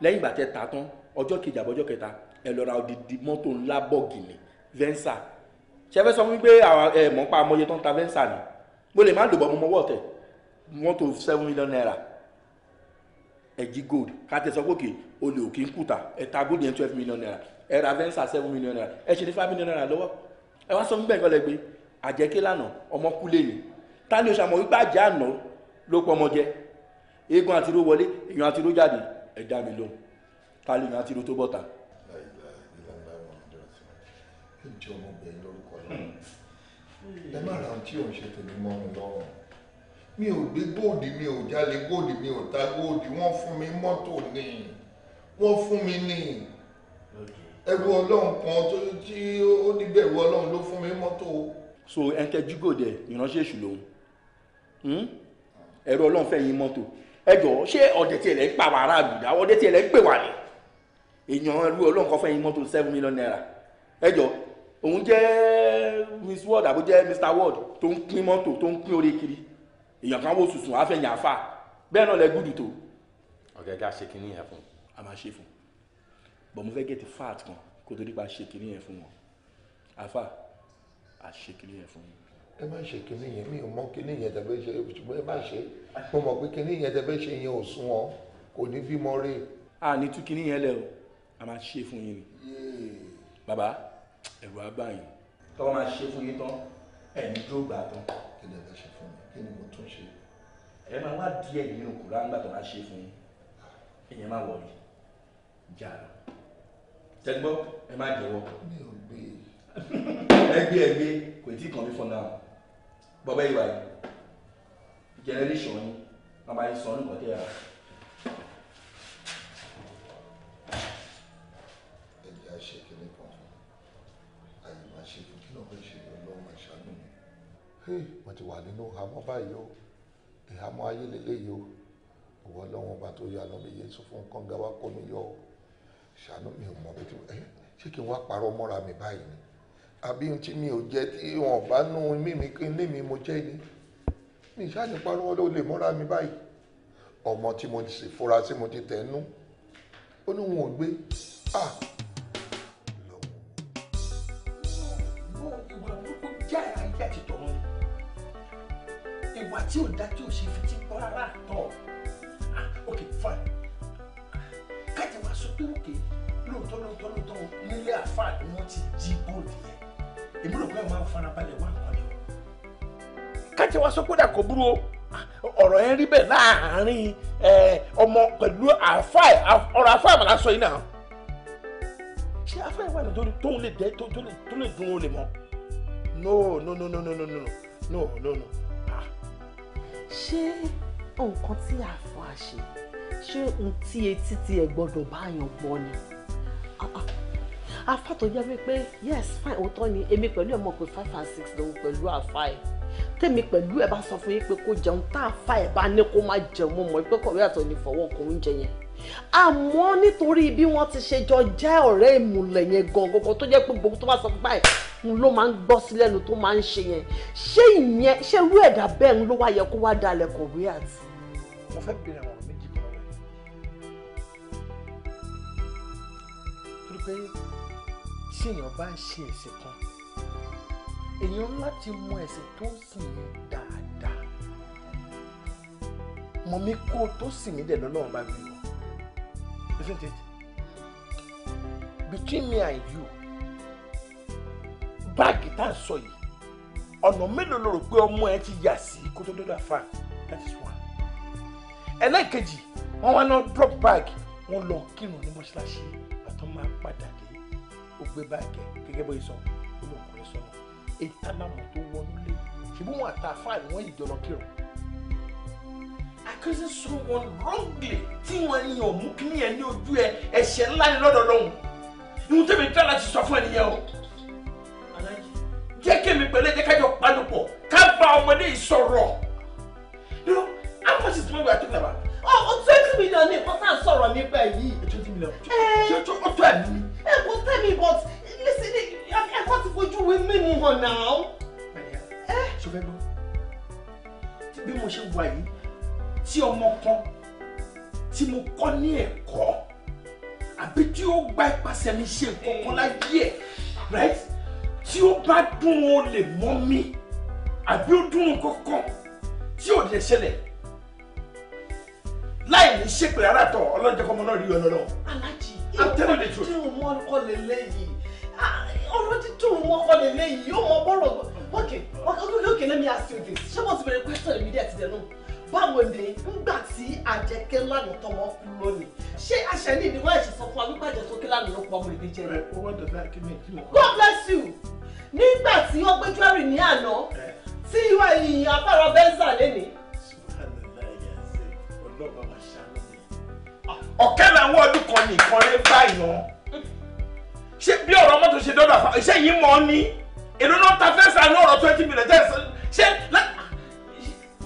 Speaker 1: lẹ́yìn ìgbà tẹ tà tán ọjọ́ kejì àbọ̀jọ́ kẹta ẹ lọ ra odidi mọ́tò ńlá bọ́ọ̀gìnì venza ṣẹfẹ́ sọ wípé ẹ mọ̀ pa amọ̀ye tán ta venza ni mo lè má dòbọ̀ mo mọ wọ́ọ̀tẹ̀ mọ́tò seven million naira ẹ̀jí gold kàtẹ́ sọ gòkè olè òkè ń kùtà ẹ ta gold yẹn twelve million naira ẹ ra venza seven million naira ẹ ṣe ní five million naira lọ́wọ́ ẹ wá sọ fún bẹ́ẹ̀ kọ́lẹ́ gbé àjẹkẹ́ lánàá ọmọ kú lé ni ta ni o ṣàmọ̀ wípé àjẹ́ àná ló pọ̀ ọmọ jẹ́ eégún àtiró wọlé èèyàn àtiró jáde ẹ dá mi lóhùn ká lè yan àtiró tó bọ̀ta.
Speaker 4: ẹ jẹ́ ọmọbìnrin lórúkọ yìí ẹ má ra ohun tí òun ṣe tèmi mọ́ mi lọ́rùn mi ò gbé góòdì mi ò jalè góòdì mi ò ta góòdì wọ́n fún mi mọ́tò ni wọ́n fún mi ni ẹrú ọlọ́run kan tó tí ó níbẹ̀ ẹrú ọlọ́run ló fún mi mọ́tò.
Speaker 1: so ẹnkẹ jígòdè ìránṣẹ́ èṣù lòun hmm? ẹrú ọlọ́run fẹ́ yín mọ́tò ẹ jọ̀ọ́ ṣé ọ̀dẹ̀ tiẹ̀ lẹ́ ń pa àwọn aráàlú dá ọ̀dẹ̀ tiẹ̀ lẹ́ ń pè wá ní. èèyàn ẹrú ọlọ́run kan fẹ́yìn mọ́tò seven million naira ẹ jọ̀ọ́ òun jẹ́ miss ward àbó mr ward tó ń pín mọ́tò tó ń pín orí kiri èèyàn kan wò sùsùn àfẹ̀yìn àfà bẹ́ẹ̀ náà lẹ gúdù tó. ọ̀gẹ̀gà ṣe kínní yẹn fún. a máa ṣe fún bọ̀ mo fẹ́ gẹ̀ẹ́tì fat kan kó torí pa ṣe kínní yẹn fún wọn àfà àṣekínní
Speaker 3: yẹn fún yín
Speaker 4: ẹ má ṣe kinní yẹn mi ò mọ kinní yẹn tẹ́ fẹ́ ṣe ṣùgbọ́n ẹ má ṣe mo mọ̀ pé kinní yẹn tẹ́ fẹ́ ṣe yẹn ò sún ọ kò ní bímọ rè. a ní tú kinní yẹn lẹ o a máa
Speaker 1: ṣe fún yín ni bàbá ẹ̀rù á bá yín tọ́wọ́ máa ṣe fún yín tán ẹ̀yìn dúró gbà tán. kí ni ẹ bá ṣe fún mi kí ni mo tún ṣe. ẹ máa wá díẹ̀ nínú kùrá ńgbà tó máa ṣe fún yín ìyẹn má wọlé jà lọ tẹgbọ́ ẹ má jẹ́wọ́. mi ò gbé e. ẹgbẹ́ ẹgbẹ́ kò tí kàn mí fọ́ bọ́bá ìwà yìí generation yìí wọ́n máa ń sọ nǹkan tẹ́ ẹ.
Speaker 4: ẹ̀jẹ̀ á ṣe kíní kan fún àyè máa ṣe fún kí lóun ṣe ọlọ́run àṣàánú mi. wọ́n ti wà nínú ìhàmọ́ báyìí o ìhàmọ́ ayé lélẹ́yìí o ìwọ ọlọ́run ọba tó yọ àná mi yé sọ fún kọ́ńgá wa kó mi yọ o ṣàánú mi ò mọ̀ bí tí ẹ ṣé kí n wá parọ́ mọ́ra mi báyìí ni àbí ohun tí mi ò jẹ tí wọn bá nú mímí kí ní mi mo jẹ ni mi ìṣáàjì parọ́ ló lè mọ́ra mi báyìí ọmọ tí mo sì fura sí mo ti tẹ̀ nú ó ní wọn ò gbé
Speaker 1: ah ìwà tí ò dá tí ò ṣe fi ti pọ́ rárá tọ̀ ah ok fine kájà máa sọ pé òkè lóòótọ́ lóòótọ́ lóòótọ́ nílé àfáà ni wọ́n ti jí góòlù yẹn èmi rò pé ẹ máa farabalẹ̀ wá nǹkan ni o káàtì wá sọ pé dà kò burú o ọ̀rọ̀ yẹn rí bẹ́ẹ̀ láàárín ọmọ pẹ̀lú àáfàá ọ̀rọ̀ àáfàá mà sọ yìí náà ṣé àáfàá yẹn wà ní tóun lè dẹ́ tó lè dùn ó lè mọ́ no no no no no no no no no no ṣé nǹkan tí àáfàá ṣe ṣé ohun tí etí tiẹ̀ gbọ́dọ̀ báyọ̀ gbọ́ ni. Ah, ah àfà tó jẹ́ wípé yes fine òótọ́ ni èmi pẹ̀lú ẹ̀ mọ̀ pé five and six lòun pẹ̀lú àfà ẹ̀ tèmi pẹ̀lú ẹ̀ bá sọ fún yín pé kó jẹun tá àfà ẹ̀ bá ní kó má jẹun mo mọ̀ pé kọ̀wé àtọ̀ ní fọwọ́ kò ń jẹ yẹn àmọ́ nítorí bí wọ́n ti ṣe jọ jẹ́ ọ̀rẹ́ ìmùlẹ̀ yẹn gangan tó jẹ́ pé gbogbo tó bá sọ báyìí n ló máa ń gbọ́ sí lẹ́nu tó máa ń ṣe yẹn ṣé ìyẹn ṣé irú ẹ̀dá bẹ́ẹ̀ ń ló wá yẹ kó wá dalẹ̀ kọ̀wé àti. mo fẹ́ bèrè àwọn méjì kan lọ́wọ́ tí èèyàn bá ń ṣe ẹ̀sìn kan èèyàn láti mọ ẹ̀sìn tó ń dáadáa mọ mi kó tó sìn mí dẹ̀ lọ́lọ́run bá bí o between me and you báàgì tá à ń sọ yìí ọ̀nà mélòó ló rò pé ọmọ ẹ ti yà sí kó tó dọ́dọ̀ àfa that is one ẹlẹ́ẹ̀kejì wọ́n wá lọ drop bag wọ́n lọ kírun ní mọ́ṣáláṣí àtọ́ máa padà ó gbé báàgì gẹ́gẹ́ bó ṣe sọ ó lọ ọkùnrin sọnù èyí tá máa mọ̀ tó wọnú lé ṣùgbọ́n wọn àtà fáà ni yìí jọlọ kírun. accusing someone wrongly tí wọ́n ní ọ̀ kíní ẹ̀ ní ojú ẹ̀ ẹ̀ṣẹ̀ ńlá ni lọ́dọ̀ lọ́hùn ìhun tẹ̀mí dára ti sọ fún ẹnìyẹn o. jẹ́ kémi pẹ̀lú ẹ̀jẹ̀ kájọ panupọ̀ ká bá ọmọdé yìí sọ̀rọ̀ how much is the money we ẹ kò tẹ́ mi but listen I ẹ kọ́ ti fojú wí mímu hàn eh? ṣe fẹ́ gbọ́ Be more ṣe wà yìí tí ọmọ con, tí mo kọ́ ní ẹ̀kọ́ àbí tí ó gba ìpàṣẹ mi ṣe nǹkan kan láyé ẹ̀ right tí ó bá dún o lè mọ́ mi àbí con, dún kankan tí ò lè ṣẹlẹ̀ láì ní ṣépè rárá tọ̀ ọlọ́jọ́ kọ́mọ náà rí ọ lọ́lọ́. alájí I'm telling you the truth. tí o mọ the lady. ọ̀rọ̀ tí tí o mọ kọ́ lélẹ́yìí yóò mọ bọ́rọ̀ okay okay okay let me ask you this ṣé mo ti a question immediate dẹ̀ nù báwo ni ngbà tí àjẹkẹ́ lánàá tọmọ kú lónìí ṣé àṣẹ ní ìdíwọ́ ẹ̀ṣẹ̀ sọ fún wa wípé àjẹsókè lánàá ló pọ̀ ọmọ ìbejì rẹ̀. owó dọ̀dọ̀ akínú ìkíni. God bless you nígbà tí ó gbé jewelry ní àná tí ìwà ìyìn afárá bẹ́ńsà lénìí. ọlọ́ba ọ̀kẹ́ làwọn ọdún kan nìkan lè bá yàn ṣé bí ọ̀rọ̀ mọ́tò ṣe dọ́dọ̀ àfa ṣé yìí mọ́ ni èlò náà ta fẹ́ sànú ọ̀rọ̀ twenty million jẹ́ ṣé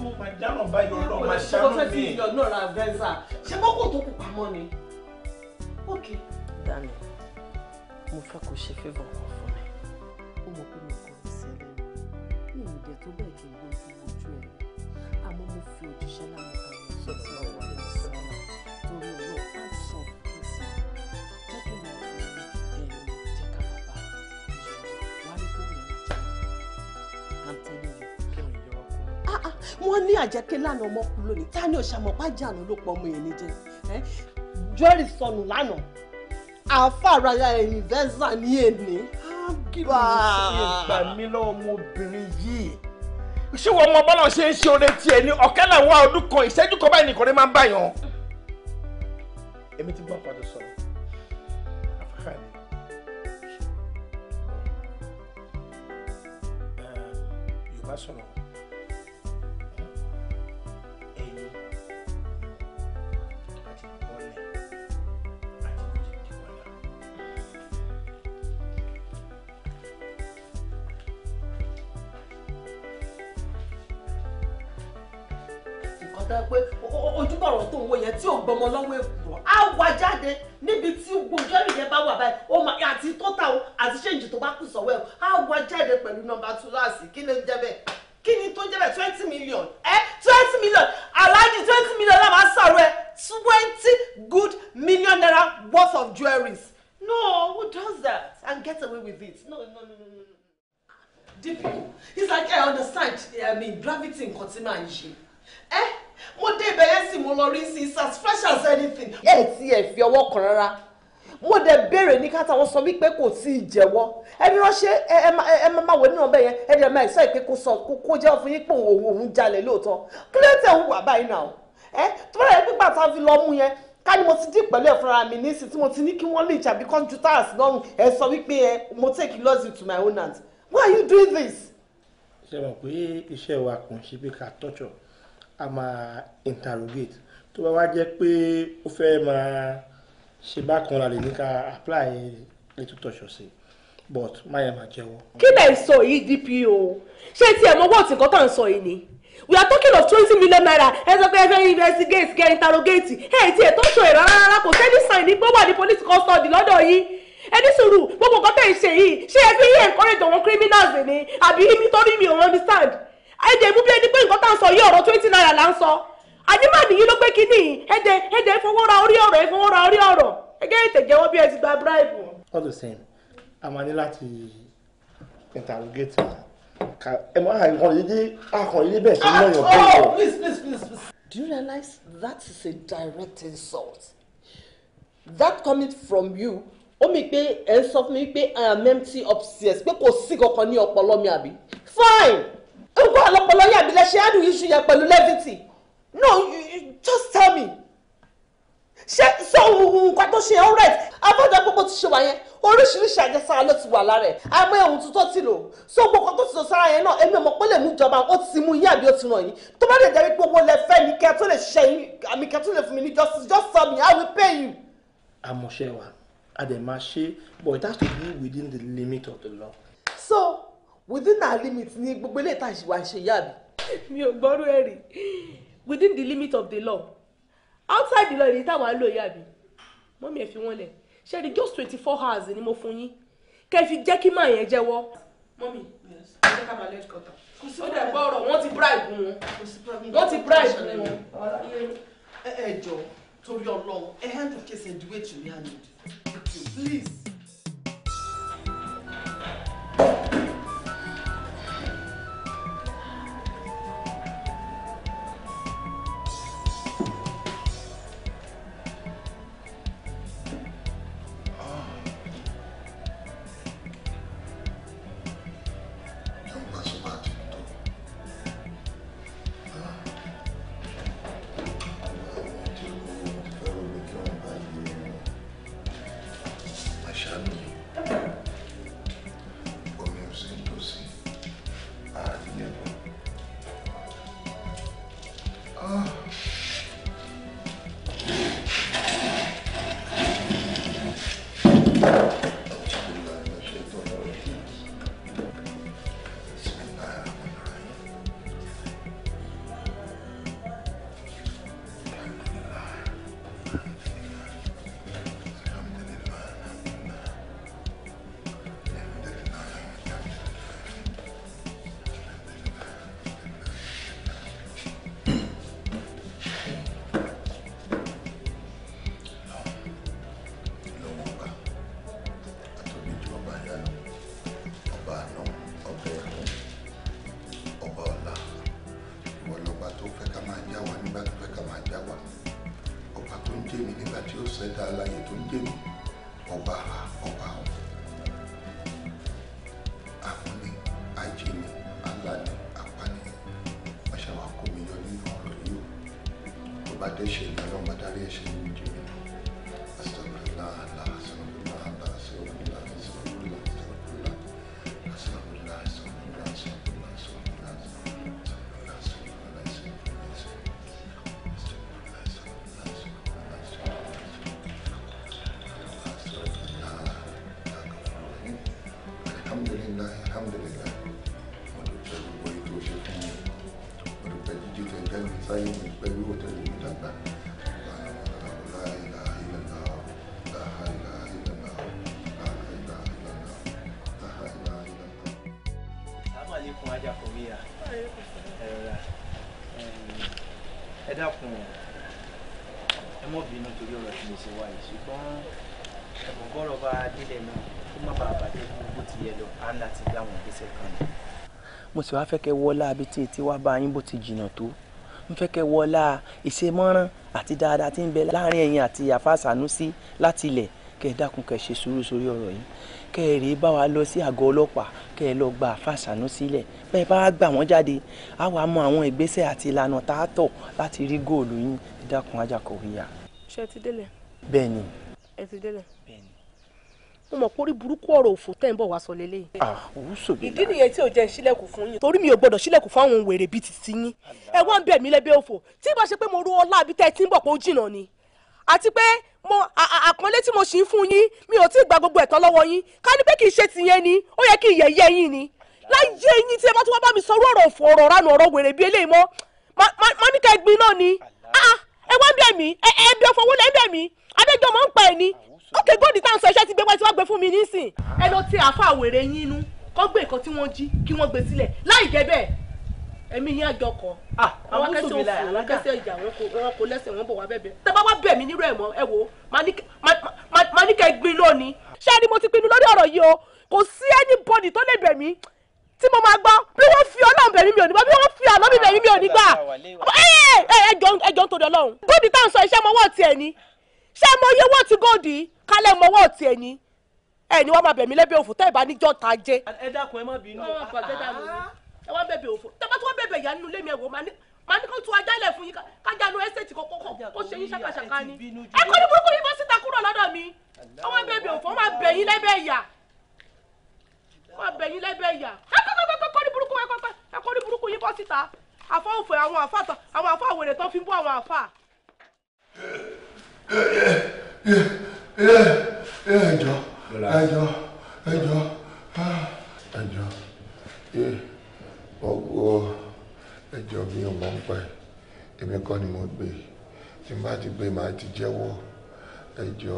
Speaker 1: mo máa dáná báyìí ọlọ́run máa ṣàánú mi. mo fẹ́ ti ìjọ náà ra venza ṣé mọ́kò tó kù pamọ́ ni. okay. dani mo fẹ́ kó ṣe favour kan fún mi ó mọ̀ pé mo kọ́ ìṣẹ̀lẹ̀
Speaker 3: mi ìdẹ̀ tó bẹ̀ kí n gbé ojú ẹ̀
Speaker 1: àmọ́ mo fi òjíṣẹ́ náà wọ́n ní àjẹké lánàá ọmọ kú lónìí ta ni òṣàmọ̀pá jàánú ló pọ̀ ọmọ yẹn ní jẹ jọ́rì sọnù lánàá àfàrà ẹ̀yìn vẹ́sà ní èní. kí ló ń ṣe ìgbà mi lọ́wọ́ ọmọbìnrin yìí ṣé wọn mọ bọ́lá ṣe ń ṣe oore tiẹ̀ ní ọ̀kẹ́ làwọn ọdún kan ìṣẹ́jú kan báyìí nìkan ní máa ń bá yàn. èmi ti gbọ́ padà sọ̀rọ̀ àfàkà ni yorùbá sọ̀rọ̀ ẹ pé ojúbọ̀rọ̀ tó ń wo yẹn tí ò gbọmọ lọ́wọ́ èkùrọ̀ á wá jáde níbi tí gbogbo ẹ̀rì yẹn bá wà báyìí àti tọ́tà o àti ṣéǹjì tó bá kù sọ́wọ́ ẹ̀ á wá jáde pẹ̀lú nọ́mbà túláàsì kí ló jẹ́ bẹ́ẹ̀ kí ni tó jẹ́ bẹ́ẹ̀ twenty million ẹ twenty million aláàjì twenty million náà máa sọ̀rọ̀ ẹ twenty good million naira worth of jewelries no who does that and get away with it no no no no. no. Deep. he's like I understand, I mean, gravity in Kotima and she. Eh? mo dé ibẹ̀ yẹn sì mo lọ rí sí it's as fresh as anything. ẹ ti ẹ fi ọwọ́ kan rárá mo dẹ̀ béèrè ní káta wọn sọ wípé kò tí ì jẹ́wọ́ ẹni ránṣẹ́ ẹ máa máa wò nínú ọbẹ̀ yẹn ẹ dẹ̀ máa ẹ̀sọ́ ìpè kó sọ kó jẹ́ fún yín pé òun òun jalè lóòótọ́ kí ló tẹ̀ ń wà báyìí náà ẹ tó bá yẹ pípa tá a fi lọ mú yẹn ká ní mo ti dín pẹ̀lú ẹ̀ fúnra mi nísìn tí mo ti ní kí wọ́n lè jà bí kọ́ńtútàs lọ́rùn ẹ sọ wípé ẹ mo take loss into my own hands why are you doing this. ṣe mọ̀ pé iṣẹ́ wa kò ń ṣe bí ká tọ́jọ́ a máa interrogate tó bá wá jẹ́ pé ó fẹ́ máa ṣe bákan la lè ní ká apply little touch
Speaker 2: ọ̀sẹ̀ but máyà máa jẹ́wọ́.
Speaker 1: kí lẹ̀ ń sọ yìí DPO ṣé tí ẹ̀ mọ wọ́ọ̀tì nǹkan tá à ń sọ yìí ni we are talking of twenty million naira ẹ sọ pé ẹ fẹ́ investigate kẹ́ interrogate ẹ ti ẹ̀ tó ṣọ ìrà rárá kò sẹ́ni sign ní gbọ́wọ́ ní police custody lọ́dọ̀ yìí ẹni sùúrù gbogbo nǹkan tẹ̀ ń ṣe yìí ṣé ẹ fi yí encourage àwọn criminals ni àbí nítorí mi ò understand ẹ̀dẹ̀ ìmú bí ẹni pé nǹkan tá sọ yí ọ̀rọ̀ twenty naira là ń sọ àdìmọ̀dì yìí ló gbé kínní ẹ̀dẹ̀ ẹ̀dẹ̀ ìfowóra orí ọ̀rọ̀ ìfowóra orí ọ̀rọ̀ ẹgẹ́ ètè jẹ́wọ́ bí ẹ ti gba bribe.
Speaker 2: all the same a máa ní láti interrogate
Speaker 1: her ẹ máa hàn ìkànnì yìí dé àkànnì yìí bẹ́ẹ̀ sí lọ́yọ̀ ah, bẹ́ẹ̀. oh please please please please. do you realize that is a direct insult that coming from you ó mi pé ẹ ń sọ fún mi pé i am empty upstairs pé kò sí kankan ní ọpọlọ mi àbí fine nǹkan ọlọ́pọlọ yà mí lẹ́sẹ̀ àdùn iṣu yẹn pẹ̀lú levity no you, you just tell me ṣe so nǹkan tó ṣe all right abọ́dọ̀ gbogbo ti ṣe wà yẹn oríṣiríṣi àjẹsára ló ti wà lára ẹ̀ àmọ́ ẹ̀hún tuntun ti lò so gbogbo to ti So sára yẹn náà èmi ò mọ̀ pé lè mú ìjọba ó ti mú yín àbí ó ti ràn yín tó bá lè jẹ́ wípé owó lẹ fẹ́ mi kẹ́ to lè ṣe yín àmì kẹ́ tó lè fún mi ní justice just tell me I will pay you. àmọ̀ṣẹ́ wa a dẹ̀ máa ṣe but it has to be within the limit of the law. so within our limit ni gbogbo ilé ìta ìṣìwà ṣe yá mi. mi ò gbọ́rú ẹ̀ rí within the limit of the law outside the law èyí táwa lò yá mi mọ́mí ẹ̀ fi wọ́n lẹ̀ ṣe é just twenty four hours ni mo fún yín kẹ́ ẹ fi jẹ́ kí màá yẹn jẹ́wọ́. mọ́mí ẹ jẹ́ ká máa lẹ́jọ́ kọ́ta ó dẹ̀ gbọ́ ọ̀rọ̀ wọ́n ti bribe wọn wọ́n ti bribe wọn. ẹ ẹ jọ torí Ọlọ́run ẹ hand of case ẹ do it to me please.
Speaker 4: agbani apani wọn ṣàwọn akómi yọ nínú ọ̀rọ̀ yìí ó bá dẹ́ṣẹ̀ ìgbà náà bá dárí ẹ̀ṣẹ̀
Speaker 1: mo sì wá fẹ́ kẹ́ wọlá àbí tí etí wá bá yín bó ti jìnnà tó ń fẹ́ kẹ́ wọlá ìṣemọ́rán àti dáadáa tí ń bẹ láàrin ẹ̀yin àti àfa Sànúsí láti ilẹ̀ kẹ́ ẹ dákun kẹ́ ẹ ṣe sùúrù sórí ọ̀rọ̀ yìí kẹ́ ẹ rèé bá wa lọ sí àgọ́ ọlọ́pàá kẹ́ ẹ lọ gba àfa Sànúsí lẹ̀ bẹ́ẹ̀ bá gbà wọ́n jáde á wàá mọ àwọn ìgbésẹ̀ àti ìlànà tá a tọ̀ láti rí góòlù yín ẹ dákun ajakọ̀wéyà. ṣé ẹ ti délẹ̀. bẹ́ẹ̀ ni. ẹ ti délẹ̀ mo mọ̀ pé orí burúkú ọ̀rọ̀ òfò tẹ́ ń bọ̀ wá sọ lélẹ̀. ìdí nìyẹn tí ò jẹ́ sílẹ̀kùn fún yín. torí mi ò gbọ́dọ̀ sílẹ̀kùn fún àwọn wèrè bíi ti yín ẹ ń bẹ̀ mí lẹ́bẹ̀ẹ́ òfò tí bá ṣe pé mo rú ọlá àbí tẹ́ ẹ ti ń bọ̀ pé ó jìnnà ni àti pé mo àpọ́nlé tí mo sì ń fún yín mi ò tí ì gba gbogbo ẹ̀tọ́ lọ́wọ́ yín ká ní pé kì í ṣe tìyẹn ni ó yẹ kí ìyẹ̀yẹ́ yín ni láyé yín tí ẹ bá tún wá bá mi sọ ọ̀rọ̀ òfò ọ̀rọ̀ ránu ọ̀rọ̀ wèrè bíi eléyìí mọ́ mọ́ ní gbin náà ni ah, ah, ẹ wá ń bẹ̀ mí ẹ ẹ bí ọ̀fọ̀ ń bẹ̀ mí adájọ́ mọ̀ ń pa ẹ̀ ni ok góòdì tá à ń sọ iṣẹ́ ti gbé wá tí wọ́n gbé fún mi nísìn ẹ lọ ti àáfà wèrè yín inú kọ́ gbé nǹkan tí wọ́n jí kí wọ́n gbé sílẹ̀ láì jẹ́ bẹ́ẹ̀ ẹ̀mí yín àjọ kọ. àwọn akẹ́sẹ̀ òfò àwọn akẹ́sẹ̀ ìjà wọn kò lẹ́sẹ̀ wọn bọ̀ wá bẹ̀bẹ̀. tẹ bá wá bẹ̀ mí nírú ẹ̀ mọ́ ẹ wo máa ní kẹ́ ẹ gbin lónìí. ṣé ni mo ti pinnu lórí ọ̀rọ̀ yìí o kò sí anybody tó lè bẹ̀ mí tí mo máa gbọ́ bí wọ́n fi ọlọ́run bẹ̀ mí mi ò ní gbà bí wọ́n fi àná mi bẹ̀ mí mi ò ní gbà. ẹ ẹ ẹjọ nítorí ọlọ́run góòdì táwọn sọ iṣẹ́ mọ́wọ́ tiẹ̀ ni ṣé mo yẹ wọ́n ti góòdì kálẹ̀ mọ́ wọ́n ti ẹ̀yìn ẹ̀ ni wọ́n máa bẹ̀mí lẹ́bẹ̀ẹ́ òfò tẹ́ẹ̀ bá níjọ́ ta jẹ́. ẹ dákun ẹ má bínú ẹ wá bẹ̀bẹ̀ òfò tẹ́ bá tí wọ́n bẹ̀bẹ̀ ìyá nínú ilé mi ẹ̀wọ̀ máa ní máa ní kó tú ajálẹ̀ fún yín kájà nu ẹ́sẹ̀tì kọ́kọ́ kó ṣe yín ṣàkàṣàkà ni ẹ kọ́ ni burúkú yín bọ́ síta kúrò lọ́dọ̀ mi wọ́n bẹ̀bẹ̀ òfò wọ́n máa bẹ̀ yín lẹ́bẹ̀ẹ́ ìyá wọ́n bẹ̀ yín lẹ́bẹ̀ẹ́ ìyá kọ́ ní burúkú ẹ kọ́ ní burúkú yín bọ́ síta àfọ̀ òfò àwọn àfà àwọn àfà àwèrè tán fi ń bọ́ àwọn àfà
Speaker 4: ẹjọ ẹjọ ẹjọ ẹjọ ọgbọ ẹjọ mi ò mọ ń pẹ èmi kọ́ ni mo gbé tí má ti gbé má ti jẹ́wọ́ ẹjọ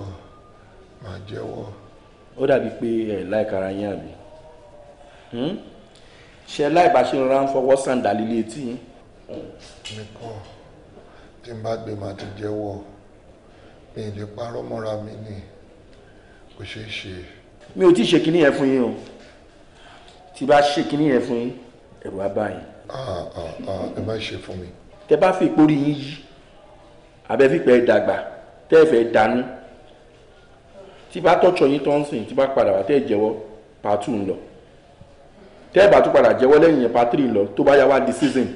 Speaker 4: má jẹ́wọ́.
Speaker 1: ó dàbí pé ẹ láìkara yín àbí hmm? ṣe láìbáṣe ńlá ń fọwọ́ sàǹdà lílé etí yín.
Speaker 4: mi kọ́ tí n bá gbé má ti jẹ́wọ́ mi ì lè parọ́ mọ́ra mi ni kò ṣeé ṣe.
Speaker 1: mi ò tí ì ṣe kinní yẹn fún yín o tí bá ṣe kinní yẹn fún yín ẹ̀rù á bá yín. ẹ má ṣe fún mi. tẹ bá fi ìpórí yín yí abẹ fipẹ dàgbà tẹ ẹ fẹ́ dànù tí bá tọ́jọ yín tán sìn tí bá padà wá tẹ ẹ jẹ́wọ́ pàtó ń lọ tẹ ẹ bá tún padà jẹ́wọ́ lẹ́yìn yẹn pàtó lọ tó bá yá wá di season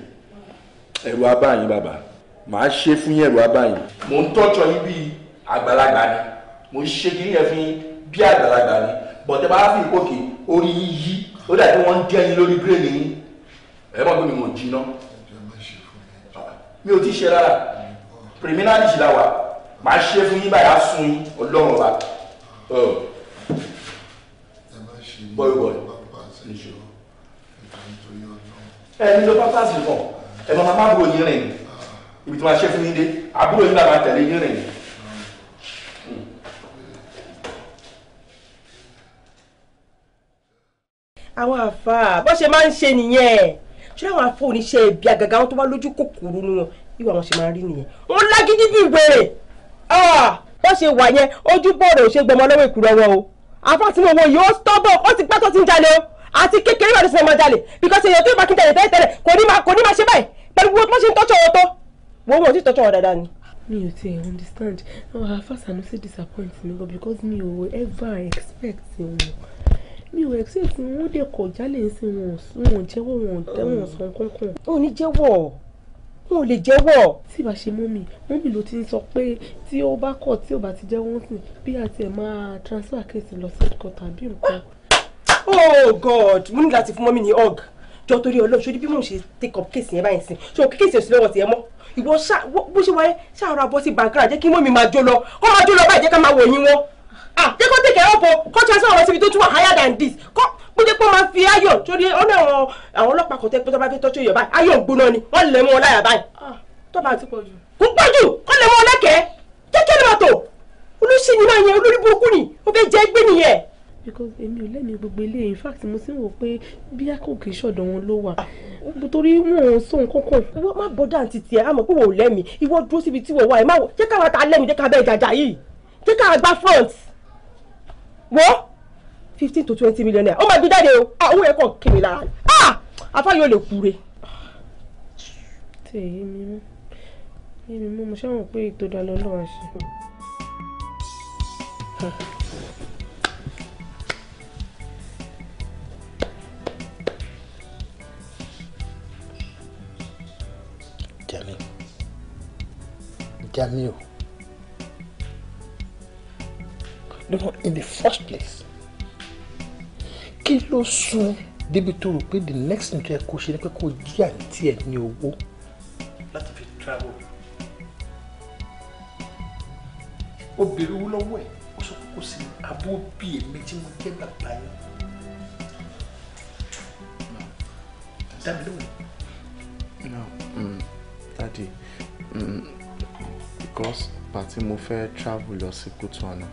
Speaker 1: ẹ̀rù á bá yín bàbá màá ṣe fún yín ẹ̀rù á bá yín. mò ń tọ́jọ yín bíi àgbàlagbà ni mo ń ṣe kiri yẹn fi bí àgbàlagbà ni bọ̀dé bá fi ìkókè orí yíyí ó dà bí wọ́n ń dẹ́yìn lórí bírèèni yín ẹ mọ̀ pé mi ò jiná mi ò ti ṣe rárá pèmínàlì ṣìlá wa màá ṣe fún yín báyà sun yín ọlọ́run ọba bọ́ọ̀lù
Speaker 4: bọ́ọ̀lù
Speaker 1: ẹni ló pápá sí fún ẹ mọ̀ máa bò yín rìn ibi tí wọ́n ṣe fún yín dé àbúrò yín náà máa tẹ̀lé yín rìn. àwọn àfa bó ṣe máa ń ṣe nìyẹn ṣé àwọn àfa oníṣẹ́ ibi àgàgà wọn tó bá lójú kòkòrò nu wọn ìwà wọn ṣe máa ń rí nìyẹn wọn lágídí bí ìbéèrè bó ṣe wà yẹn ojú bọ̀rọ̀ ò ṣe gbọmọ lọ́wọ́ ìkúrọ̀ wọn o àfa tí mo wọ yìí ó stọ́bọ̀ ó ti pẹ́ tó ti ń jalè o àti kékeré wà ní sinimá jalè because èèyàn tó bá kí n jalè tẹ́lẹ̀ tẹ́lẹ̀ kò ní máa kò ní máa ṣe báyìí pẹ̀lú bí wọ́n ṣe ń tọ́jú ọ̀rọ̀ tó wọ́n wọ́n ti tọ́jú ọ̀rọ̀ dáadáa ni mi ò tiẹ̀ understand our Alfa Sanusi disappoint mi gan because mi ò ever expect wọn mi ò expect fún wọn dé kọ̀ jálè ń sin wọn wọn jẹ́wọ́ wọn tẹ́wọ̀n san kankan. ó ní jẹ́wọ́ wọn ò lè jẹ́wọ́. tí ìbá ṣe mọ́mì mọ́mì ló ti ń sọ pé tí ó bá kọ̀ tí ò bá ti jẹ́wọ́ ń sìn bí àti ẹ̀ máa transfer case lọ sí ẹ̀kọ́ tàbí nǹkan. oh god mo ní láti fún mọ́mì ní org jọ torí ọlọ́run ṣojú bí mò ń ṣe take up case yẹn báyìí sìn ṣé o kéèké ṣèṣin lọ́wọ́ tiẹ̀ mọ́ ìwọ bó ṣe wáyé ṣàrọ̀ àbọ̀ sí bàǹkàrà jẹ́ kí mọ́mì máa jó lọ kó máa jó lọ báyìí jẹ́ ká máa wò wọn ah jẹ́ kó tèkẹ́ ọ̀pọ̀ kó transfer ọ̀rọ̀ síbi tó tún wà higher than this kó pété pé máa fi ayọ̀ torí ọ̀nà àwọn àwọn ọlọ́pàá kan tẹ́ pé tó bá fẹ́ tọ́jú èèyàn báyìí ayọ̀ gbóná ni wọ́n lè mú wọn láyà báyìí. Ah, tó bá ti pọ̀ jù. kò pọ̀ jù kó lè mú wọn lẹ́kẹ̀ẹ́ jẹ́kẹ́ lè máa tò olùsí ni máa yẹn olórí burúkú ni ó fẹ́ jẹ́ gbé nìyẹn. because èmi ò lẹ́mìí gbogbo ilé in fact mo ti ń wò pé bí akókè ṣọ̀dọ̀ wọn ló wà torí wọn ò sóhun kankan. wọ́n má bọ́ dáǹtì tiẹ̀ àmọ́ pé wò ó lẹ́mìí ìwọ dúró síbi tí wọ́n wà ẹ̀ má wọ jẹ́ káwa ta lẹ́mìí jẹ́ ká bẹ́ẹ̀ jàjà yìí jẹ́ ká gbá front wo fifteen to twenty million naira ó máa bí jáde o àwọn ah, yẹn kàn kéde lára ni afáyọ ah! lè kúre. tèyí mi mú èmi mú mo ṣẹ́wọ̀n pé ètò ìdálọ́ lọ́wọ́ àṣẹ. Jamiu Jamiu. lọ́nà in the first place
Speaker 3: kí ló sun
Speaker 1: débi tó rò pé the next thing tó yẹ kó ṣe ni pé kó jí àǹtí ẹ̀ ní owó láti fi travel ó bèrè owó lọ́wọ́ ẹ̀ ó sọ pé kò sí abó bíi èmi tí mo jẹ́ bàbá yẹn dá lóhùn.
Speaker 2: no um, daddy um, because pàtí mo fẹ́ travel lọ sí Kútọ̀nù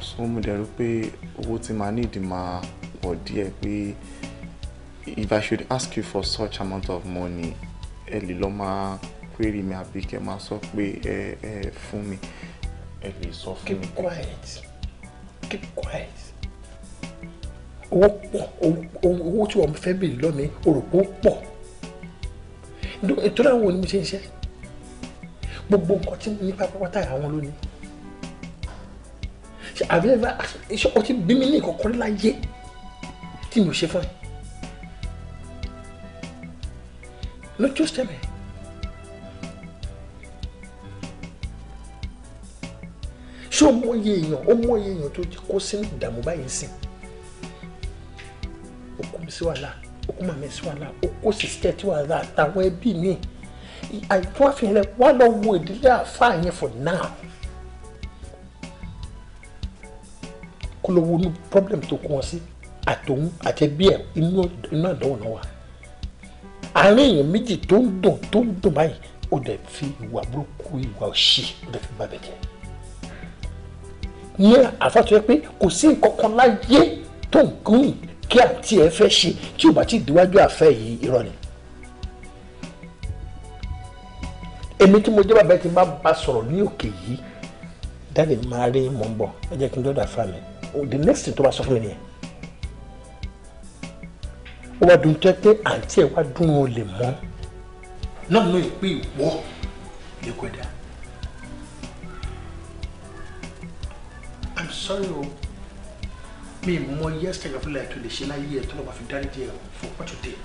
Speaker 2: so mo dẹ̀ rò pé owó tí màá ní ìdí máa pọ̀ díẹ̀ pé if I should ask you for such amount of money ẹ lè lọ máa query mi àbí kẹ máa sọ pé ẹ ẹ fún mi ẹ lè sọ fún mi. keep
Speaker 1: quiet keep quiet
Speaker 2: owó pọ̀ owó tí wọ́n fẹ́ bèrè lọ́mi òròpó
Speaker 1: pọ̀ nítorí àwọn onímọ̀ ṣe ń ṣe gbogbo nǹkan tí nípa pápátá àwọn lónìí àbẹ́ iṣẹ́ ọtí bí mi ní ìkọ̀kọ́rí láyé tí mi ò ṣe fún ẹ lójú ọ̀sẹ̀ bẹ́ẹ̀. ṣé o mọ iye èèyàn o mọ iye èèyàn tó kó sínú ìdààmú báyìí ń sìn òkú mi sí wàhálà òkú màmí sí wàhálà òkú sísítẹ́ tí wàhálà àtàwọn ẹbí mi àìtún àfihàn rẹ wà lọ wo ìdílé àfáà yẹn for now. kó lọ wo inú problem tó kó wọn sí àtòun àtẹbí ẹ inú àdánwò náà wà àárín èèyàn méjì tó ń dùn tó ń dùn báyìí ó dẹ̀ fi ìwà burúkú ìwà òṣì ó dẹ̀ fi bàbẹ̀ jẹ́ ní àfàtúnyẹ pé kò sí nǹkan kan láyé tó nǹkan yìí kí àti ẹ fẹ́ ṣe tí ò bá ti díwájú àfẹ́ yìí irọ́ ni. èmi tí mo jẹ́ bàbá ẹ ti bá ba sọ̀rọ̀ ní òkè yìí dáàdi máa rí mọ̀ ń bọ̀ ẹ jẹ́ kí n dọ́dà fáàmì the next thing tó máa sọ fún mi nìyẹn ó wá dùn tẹ́ pé àǹtí ẹ̀ wá dùn ó lè mọ́ náà ló pé ìwọ lè kó dà i'm sorry o mi mọ yesterday fúnra ẹ̀ tó ṣe láyé ẹ̀ tó lọ́ọ́ bá fi dáríjì ẹ̀ for what you did.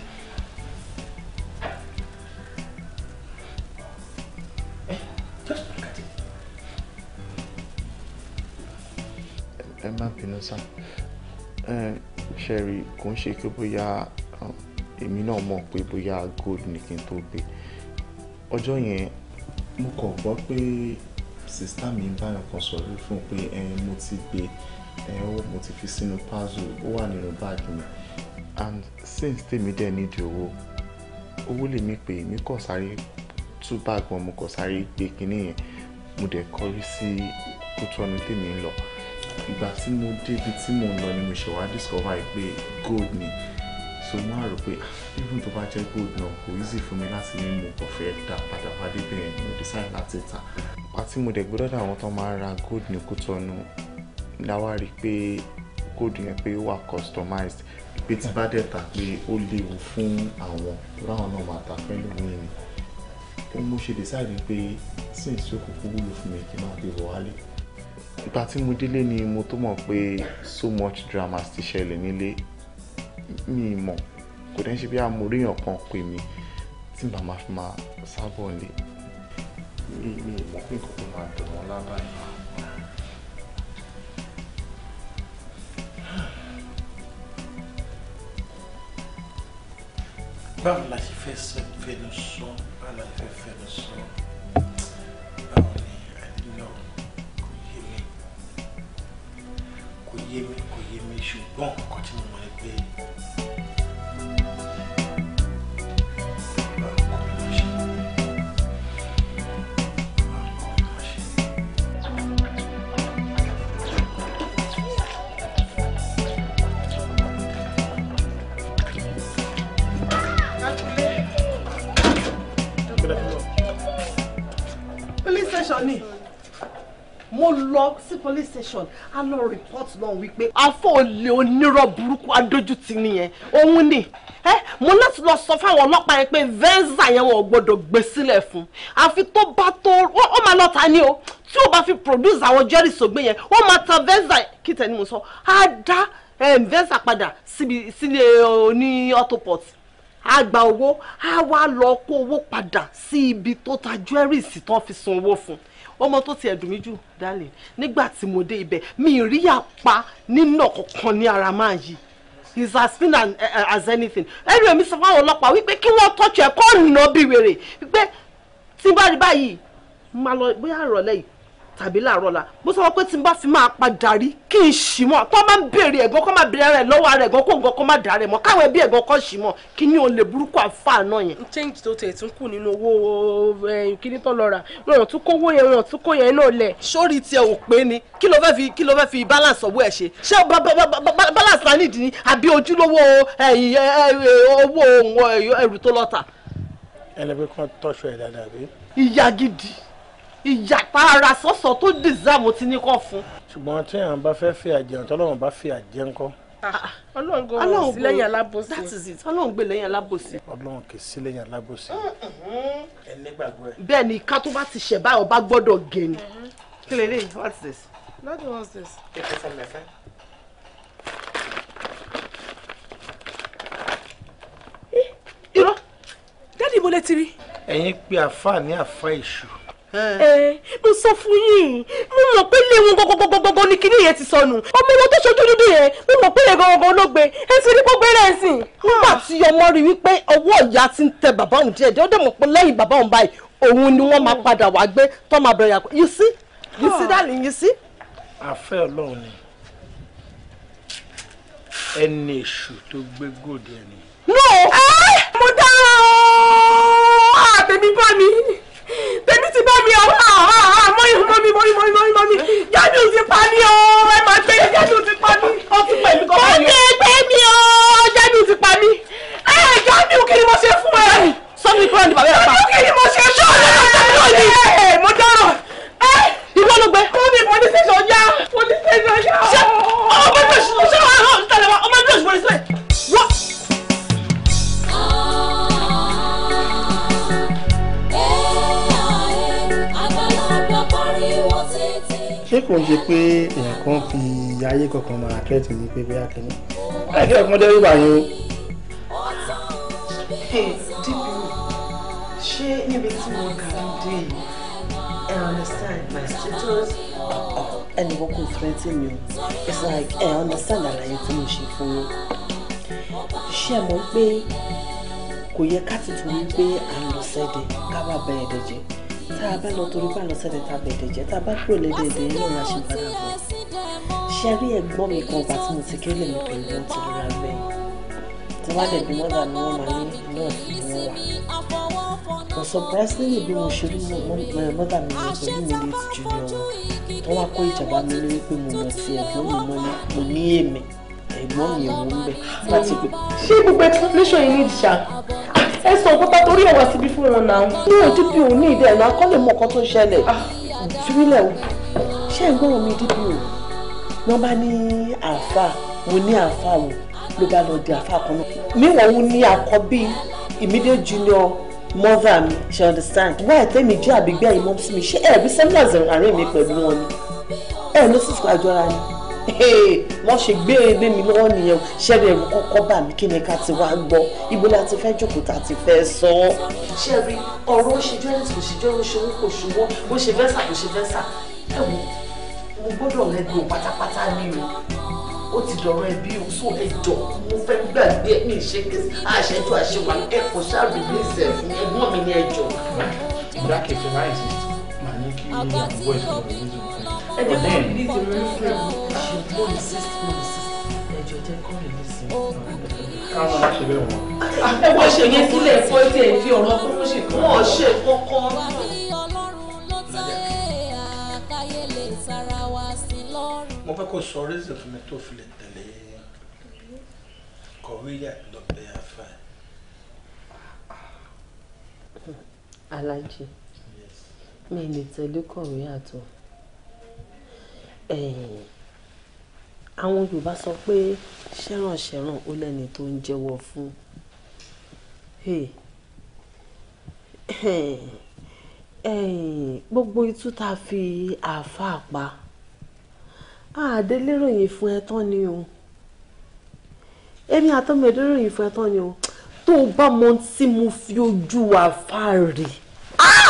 Speaker 2: ṣẹ́rí kò ń ṣe pé bóyá um, èmi náà mọ̀ pé bóyá gold ni kí n tó gbé ọjọ́ yẹn mo kàn gbọ́ pé sista mi ń báyọ̀ kan sọ̀rọ̀ fún un pé mo ti gbé mo ti fi sínú puzzle ó wà nínú báàgì mi and since tèmi dẹ̀ nídìí owó owó lèmi pè mí kàn sáré tú báàgì wọn mo kàn sáré gbé kinní yẹn mo dẹ̀ kọrí sí kótó tèmi ń lọ ìgbà tí mo débi tí mò ń lọ ni mo ṣe wá discover pé gold ni so mo rò pé ah, even tó bá jẹ́ gold náà kò easy fún mi láti ní mo kàn fẹ́ dá padà wálé bẹ́ẹ̀ mo decide láti tà àti mo dẹ̀ gbọ́dọ̀ àwọn tó máa ra gold ní Kútọ́nù láwa rí pé gold yẹn pé ó wà customized pé tí bá dẹ̀ tà pé ó léwu fún àwọn láwọn náà máa tà fẹ́ lómi ni mo ṣe decide pé since ó kúkú wúlò fún mi kí n má fi wọ̀ wálé ìgbà tí mo délé ni mo tó mọ̀ pé so much drama ti ṣẹlẹ̀ nílé mi mọ̀ kò dẹ́n ṣe bí amóríyàn kan pè mí tí màmá fi máa sábọ̀ lé mi mi mọ̀ pé nǹkan tó máa dùn wọ́n lábàáyé. báwo la ṣe fẹ́ sọ fẹ́nu sọ báwo la ṣe fẹ́ fẹ́nu sọ. kò yé mi kò yé mi ṣùgbọ́n nǹkan tí mo mọ̀ ẹ́ pé
Speaker 1: Police station mo lọ sí police station a lọ report náà wípé afọ olè onírọ́ burúkú adójútì nìyẹn òun ni ẹ mo láti lọ sọ fáwọn ọlọ́pàá yẹn pé venza yẹn wọn ò gbọ́dọ̀ gbé sílẹ̀ fún àfi tó bá tó ó máa lọ ta ni o tí o bá fi produce àwọn jẹ́rìí sògbé yẹn ó máa tan venza kí tẹ́ni mo sọ á dá venza padà sílé oní autoport a gba owó a wá lọ kó owó padà sí ibi tó ta jẹ́rìí sí tán fi san owó fún un ọmọ tó ti ẹ̀dùn mí jù dálẹ̀ nígbà tí mo dé ibẹ̀ mi ì rí àpá nínà kankan ní ara máa yìí is as thin as, uh, as anything ẹrù èmi sọ fáwọn ọlọ́pàá wípé kí wọ́n tọ́jú ẹ̀ kó nà bí wèrè wípé tí n bá rí báyìí mo máa lọ bóyá ìrọ̀lẹ́ yìí tàbí láàárọ̀ la mo sọ pé tí n bá fi máa padà rí kí n ṣì mọ̀ kó má béèrè ẹ̀gán kó má béèrè rẹ̀ lọ́wọ́ rẹ̀ ẹ̀gán kó nǹkan kó má dà rẹ̀ mọ́ káwọn ẹbí ẹ̀gán kó ṣì mọ̀ kí ni olè burúkú àfààná yẹn. change tó tẹ̀ tún kù nínú owó kíní tó lọ rà wọn tún kówó yẹn wọn tún kó yẹn náà lẹ̀. sórí tiẹ̀ ò pé ni kí ló fẹ́ fi kí ló fẹ́ fi balance owó ẹ̀ ṣe ṣé balance la nídìí ni àbí ojúlówó owó ẹrù tó lọ́ta.
Speaker 2: ẹni pé kán tọ́ṣọ ẹ̀ dáadáa bí.
Speaker 1: ìyá gidi ìyàpá ara sọ́sọ́ tó dìsáàmù ti ní kọ́ fún. ṣùgbọ́n tí àwọn bá fẹ́ fi àjẹun tọ́lọ́run bá fi àjẹun kọ́. Ah, ah. ọlọ́run gbé sílẹ̀yìn alábòsí. that is it ọlọ́run gbé lẹ́yìn alábòsí. ọlọ́run kì í sílẹ̀yìn alábòsí. Mm-hmm. bẹ́ẹ̀ ni ká tó bá ti ṣẹ̀ báyọ̀ bá gbọ́dọ̀ gé ni. Mm-hmm. kílèrè what's this. nothing what's this. irọ́ dáàdi mo lè ti rí. ẹ̀yin pé àfa ní àfa èṣù. Eh. Eh, mo sọ fún yín mo mọ̀ pé ilé wọn gọgọgọgọgọ ni kinní yẹn ti sọnù ọmọ ìwọ tó ṣojú dúdú yẹn mo mọ̀ pé ilé gọgọgọ ló ẹ ti rí kó gbé rẹ̀ sìn. Ah. nígbà tí ọmọ rí wípé ọwọ́ ìyá ti ń tẹ bàbá òun díẹ̀ díẹ̀ ó dẹ̀ pé lẹ́yìn bàbá òun báyìí òun ni wọ́n máa hmm. padà wá gbé tó máa bẹ̀rẹ̀ yàgò yìí sí yìí sí dàlí yìí sí. àfẹ́ ọlọ́run ni ẹni èṣù tó gbé gòdì ẹni.
Speaker 3: no eh! mo dára ọ́ àtẹ̀mí bá mi bébí ti bá mi ọ ah, ah,
Speaker 1: ah, mọ́mí mọ́mí mọ́mí mọ́mí mọ́mí mọ́mí jáde ò ti pa mí o ẹ máa gbé mi jáde ò ti pa mí ó ti pẹ̀lú kọ́ bá mi. ó ti gbé mi o jáde ò ti pa mí ẹ jáde ò kí ni mo ṣe fún ẹ. sọ́mi kúrò ní bàbá yàrá. jáde ò kí ni mo ṣe fún ẹ. sọ́mi kúrò ní mo dáràn. ìwọ ló gbé. ó ní police station yá police station yá. ṣé ọmọ ẹgbẹ́ òṣìṣẹ́ wa ọmọ ẹgbẹ́ òṣìṣẹ́ ṣé kò ń ṣe pé èèyàn fi ayé kankan máa tẹ́tì ní pé bí akẹ́ni láì kí ọkùnrin dẹ́rù báyìí o. dípò ṣé níbi tí mo kà ń dé yìí I understand my status ẹnì kan kò tẹ́tì mi o it's like I understand àlàyé tí mo ṣe fún yín ṣé ẹ mọ̀ pé kò yẹ ká ti tún wí pé à ń lọ sẹ́dẹ̀ ká bá bẹ́ẹ̀ dẹ̀ jẹ́ tá a bá lọ torí bá lọ sẹ́dẹ̀ tá a bẹ̀dẹ̀ jẹ́ tá a bá kúrò lédèdè náà la ṣe ń padà bọ̀ ṣe rí ẹ̀gbọ́n mi kan ọgbà tí mo ti kéré mi pẹ̀lú wọn ti lóra bẹ́ẹ̀ tí wọ́n á dẹ̀ bí mọ́dà ni wọ́n máa ní náà ni wọ́n wà kò surprisingly bí mo ṣe rí mọ́dà mi ní pẹ̀lú mi lè ti junior wọn tó wá kó ìjàmbá mi lórí pé mo mọ̀ sí ẹ̀gbọ́n mi mọ́ ní mo ní èmi ẹ̀gbọ́n mi ò ń bẹ̀ láti pè. ṣé gbogbo explanation yìí ní ìjà ẹ sọ òkúta torí ẹ̀ wá síbi fún wọn náà ní ojú bí òun ní ìdẹ̀ náà kọ́ lè mọ ọkọ tó ń ṣẹlẹ̀ ìtúrílẹ̀ ah, o ṣé ẹ̀ ń gbọ́rọ̀ mi dídí o wọ́n bá ní àáfà mo ní àáfà o ló bá lọ di àáfà kan náà níwọ̀n òun ní àkọ́bí immediate junior mother mi she understand wáyé tẹ́mi jẹ́ àbígbẹ́ ìmọ̀ sí mi ṣé ẹ̀ẹ́dì seminars àárín mi pẹ̀lú wọn ni ẹ̀ẹ́ ló sì sọ àjọra ni wọ́n ṣe gbé ebé mi lọ́wọ́ nìyẹn ṣẹ́rí ẹ̀rù kọ́kọ́ bà mí kí ni ká ti wá gbọ́ ibo la ti fẹ́ jókòó ta ti fẹ́ sọ. ṣẹ́rí ọ̀rọ̀ ó ṣe jọ́lẹ̀ kò ṣe jọ́lẹ̀ ṣòwò kò ṣòwò bó ṣe fẹ́ sà kò ṣe fẹ́ sà ẹ̀wù mo gbọ́dọ̀ rẹ́gbẹ̀ pátápátá ní o ó ti dọ̀rọ̀ ẹbí o sọ ẹjọ́ mo fẹ́ gbàgbé mi ṣe kí àṣẹjọ àṣewà ní ìṣẹ̀ fún ẹgbọ́n mi ní ẹjọ́.
Speaker 3: ìgbà mo resist mo resist ẹjọ jẹ kọ release mi. káwọn máa ṣe bẹ́ẹ̀ wọ́n. ẹ wọ́n ṣe yẹn sílẹ̀ ẹ̀fọ́
Speaker 1: fẹ́ kó sọ reason fún mi tó fi lè tẹ̀lé kọ̀wéyà lọ́bẹ̀ afá. alájí mi ò lè tẹ̀lé kọ̀wéyà tó àwọn Yorùbá sọ pé ṣẹ́rànṣẹ́ràn ó lẹ́ni tó ń jẹ́wọ́ fún gbogbo itú tá a fi àáfàá pa àdéléròyìn fún ẹ tán ni o èmi àtọ́mọ ìdéròyìn fún ẹ ni o tó o bá mọ tí mo fi ojú àáfàá rè ah!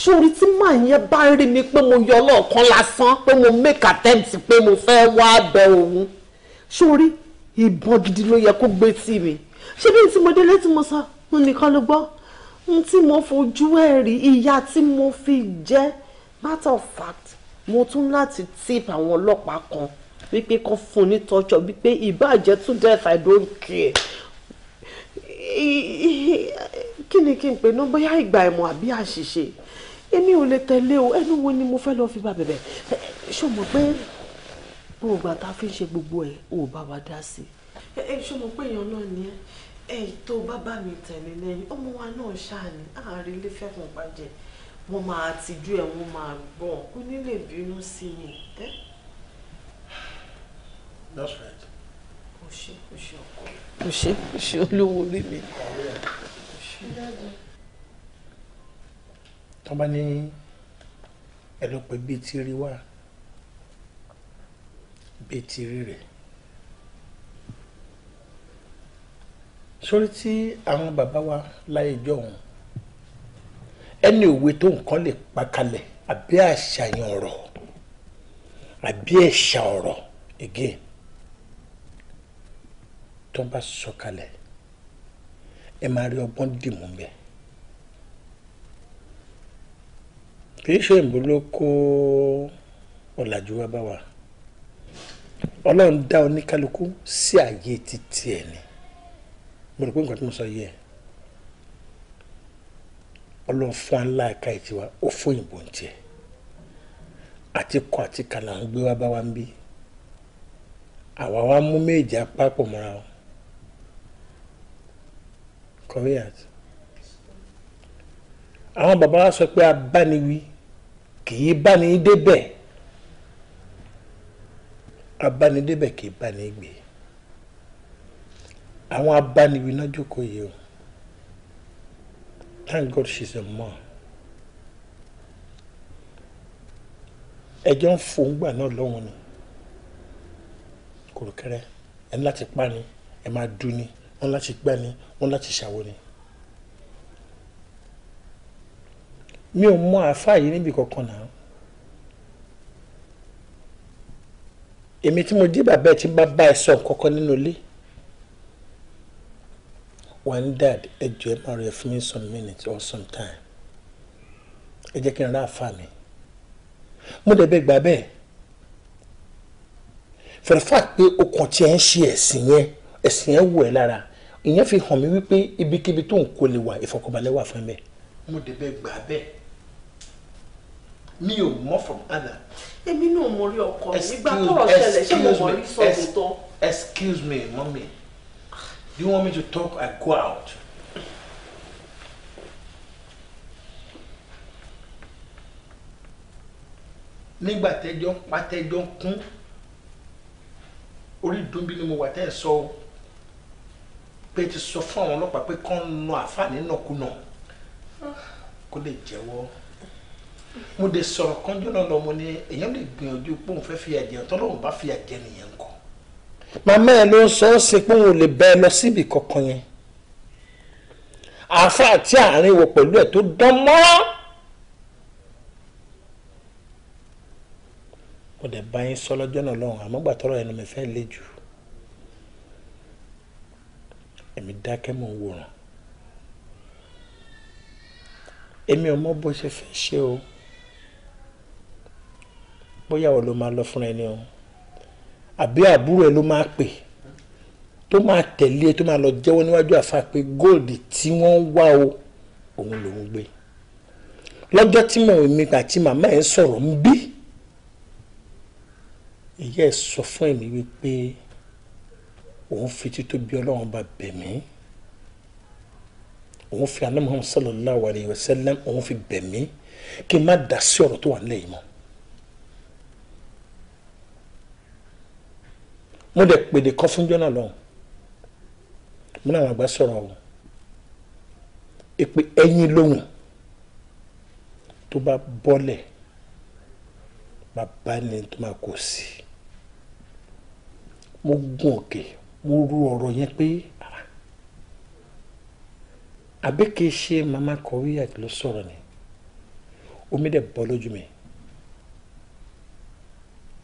Speaker 1: ṣórí tí màá yẹn bá rí mi pé mo yọ ọlọ́ọ̀kan lásán pé mo make attempt pé mo fẹ́ wá bẹ òun ṣórí ìbọn gidi ló yẹ kó gbé tì mí ṣé bí n tí mo délé tí mo sọ n nìkan ló gbọ́ n tí mo fojú ẹ̀ rí ìyà tí mo fi jẹ matter of fact mo tún láti tip àwọn ọlọ́pàá kan wípé kan fún ní tọ́jọ́ wípé ìbàjẹ́ tún death i don't care kí ni kí n pè ná bóyá ìgbà ẹ̀mọ́ àbí àṣìṣe èmi ò lè tẹ̀lé o ẹnu wo ni mo fẹ́ lọ́ọ́ fi bá bẹ̀bẹ̀ ṣó mọ̀ pé gbogbo ìgbà tá a fi ń ṣe gbogbo ẹ̀ ò bá wa dá sí i. ṣó mọ̀ pé èèyàn náà ni ẹ tó bá bá mi tẹ̀lé lẹ́yìn ọmọ wa náà ṣáàní àárín ilé fẹ́fọ̀n bàjẹ́ wọ́n máa tijú ẹ̀ wọ́n máa gbọ́n kò ní bínú sí mi. that's
Speaker 3: right. o ṣe o ṣe ọkọ mi.
Speaker 1: o ṣe o ṣe olówó orí mi. o
Speaker 3: ṣe
Speaker 1: tó bá ní ẹ lọ pé bíi ti rí wà bíi ti rí rẹ̀ sórí tí àwọn bàbá wa láyé jọ̀hún ẹni òwe tó nǹkan lè pa kalẹ̀ àbí àṣàyàn ọ̀rọ̀ àbí ẹ̀ṣà ọ̀rọ̀ again tó bá sọ kalẹ̀ ẹ máa rí ọgbọ́n dìmú bẹ́ẹ̀. kì í ṣe ìbò ló kó ọ̀làjú wa bá wa ọlọ́run dá oníkálukú sí ààyè títí ẹ̀ ni mo rò pé nǹkan tí mo sọ yìí ẹ̀ ọlọ́run fún aláǹlá ẹ̀ka ìtì wa ó fún ìbò ń tiẹ̀ àti kọ́ àti kàlà ń gbé wa bá wa ń bí àwa wa mú méjì apá mọ́ra o kọ́wé àwọn bàbá wa sọ pé abániwí kì í bá ní débẹ̀ abánidébẹ̀ kì í bá ní gbé àwọn abániwí náà jókòó yìí o thank God she's a mom ẹjọ́ ń fòun gbà náà lọ́wọ́n ni kòròkẹ́rẹ́ ẹ̀ ń láti pa ni ẹ̀ máa dun ni wọ́n láti gbá ni wọ́n láti ṣàwọ́ ni. mi ò mọ àáfàá yìí níbi kankan náà èmi tí mo dé bàbá ẹ tí bá bá ẹ sọ nǹkan nínú ilé one dad ẹ jọ ẹ máa rẹ fún mi some minutes or some time ẹ jẹ́ kí n rà àáfàá mi mo dẹ̀ bẹ́ gbà bẹ́ẹ̀ fẹ̀rẹ̀fà pé okùn tí ẹ ń ṣe ẹ̀sìn yẹn ẹ̀sìn yẹn wù ẹ́ lára ìyẹn fi hàn mí wípé ibikíbi tó ń kó lè wà ìfọkànbalẹ̀ wà fún ẹ mo dẹ̀ bẹ́ gbà bẹ́ẹ̀ mi ò mọ̀ from Allah. èmi náà mo rí ọkọ mi nígbà tọ́rọ̀ ṣẹlẹ̀ ṣé mo mọ̀ rí sọ excuse me mummy do you want me to talk I go out. nígbà tẹ́jọ́ ń kún orí ìdúnbí ni mo wà tẹ́ ẹ̀ sọ o pé ti sọ fún àwọn ọlọ́pàá pé kán ń lo àǹfààní náà kùnà ah. kó lè jẹ́wọ́ mo de sọ̀rọ̀ kan jọ́nà lọ mo ní èèyàn lè gbìyànjú pé òun fẹ́ fi àjẹ́ tọ́lọ́run bá fi àjẹ́ nìyẹn ń kọ́. màmá ẹ ló ń sọ ọ́ sí pé òun lè bẹ ẹ lọ síbi kankan yẹn àáfàá tí àárín wọ pẹ̀lú ẹ̀ tó dán mọ́rán. mo dẹ̀ bá yín sọ lọ́jọ́ náà lọ́hùn àmọ́ gbà tọ́rọ̀ ẹnu mi fẹ́ le jù èmi dákẹ́ mò ń wòran èmi ò mọ bó ṣe fẹ́ ṣe o bóyá ọ̀ ló máa lọ fún ẹni o àbí àbúrò ẹ ló máa pè tó máa tẹ̀lé tó máa lọ jẹ́wọ́ níwájú àfa pé góòdì tí wọ́n ń wá o òun lòún gbé lọ́jọ́ tí mò ń mi àti màmá ẹ̀ ń sọ̀rọ̀ ń bí ìyá ẹ̀ sọ fún ẹ̀mí wípé òun fi títóbi ọlọ́run bá bẹ̀ mí òun fi anamọ̀ sallallahu alayhi wa sallam òun fi bẹ̀ mí kí n má dá sí ọ̀rọ̀ tó wà nílẹ̀ mọ́. mo dẹ̀ pèdè kọ́ fún jọ́nà lọ́hùn mo náà àgbà sọ̀rọ̀ o èpè ẹyin lóhùn tó bá bọ́lẹ̀ bàbá ni tó máa kó sí mo gun òkè mo ru ọ̀rọ̀ yẹn pé àbí kì í ṣe màmá kọ̀wé àti ló sọ̀rọ̀ ni omi dẹ̀ bọ́ lójú mi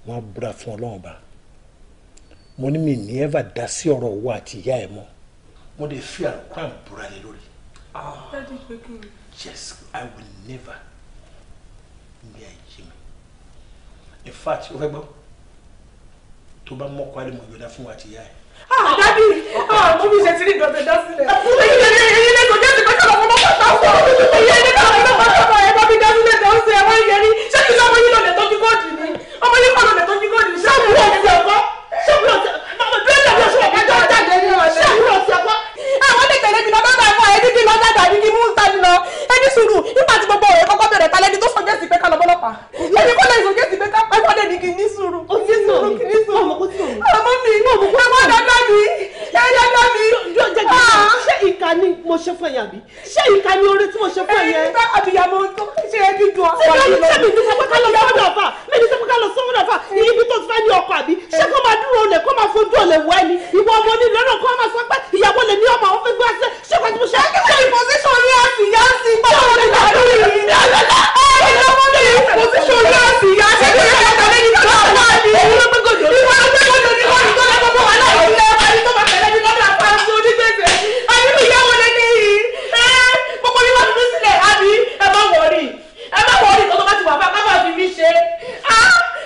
Speaker 1: wọ́n á búra fún ọlọ́run bá mo ní mi ní ẹ́fà dá sí ọ̀rọ̀ owó àti ìyá ẹ̀ mọ́ mo lè fi àlùkò àbúrò alẹ́ lórí. yes i will never ní ayé mi in fact o fẹ́ gbọ́ tó bá mọ́kọ́ alẹ́ mo yọ̀dá fún wa àti ìyá ẹ̀. ah dadi ah mo fi ṣe ti ní ìdọ̀tẹ̀ dá sílẹ̀. ẹyin lè
Speaker 3: ẹyin lè kò jẹ́sì kọ́kọ́ lọ́kọ́ bá bàtà fún
Speaker 1: ọ ẹyin lè kọ́ lọ́kọ́ bá bàtà ẹ̀ bá fi dá sílẹ̀ tó ń ṣe ẹ̀ wọ́n yẹrí ṣé kí sọ́mọ yín lọ lè tọ́jú kóòdù ni ọmọ yín kọ́ lọ lè tọ́jú kóòdù ni ṣé àwọn ọmọ yẹn tẹ̀lé mi lọ bá bá fún ẹ dídí lọ dáadáa àbí kí mú ta ni lọ ẹni sùúrù nígbà tí gbogbo ọ̀rẹ́ kọ́kọ́ bẹ̀rẹ̀ ta lẹ́ni tó sọ jẹ́sì pé ká lọ bọ́lọ́pàá ẹni kọ́ lẹ́yìn sọ jẹ́sì pé ká pẹ́ fọ́dẹ̀ ní kí ní sùúrù kí ní sùúrù kí ní sùúrù ọmọ ah, mi ọmọ dandan mi dandan ah. mi. ṣé ìka ni mo ṣe fún ẹ̀yà bí ṣé ìka ni oore tí mo ṣe fún ẹ̀yẹ. ẹni àbíyàmọ tó ṣe é ká lọ sọ́wọ́dà fà tó ṣé kó máa dúró ṣe ṣe pàtó ṣe ṣe ìpòsíṣàn ní àti ìyá sí gbọ́dọ̀ ní ìlànà yìí. Ayé lọ́mọ mi ìpòsíṣàn ní àti ìyá sí gbọ́dọ̀ ní ìlànà yìí. Ìwà ọgbẹ́gbẹ́gbẹ́ ni wọ́n ní kọ́ lọ́mọ mọ́ wà láàyè ilé ẹ̀ka ní tó máa tẹ̀lé ní Ah!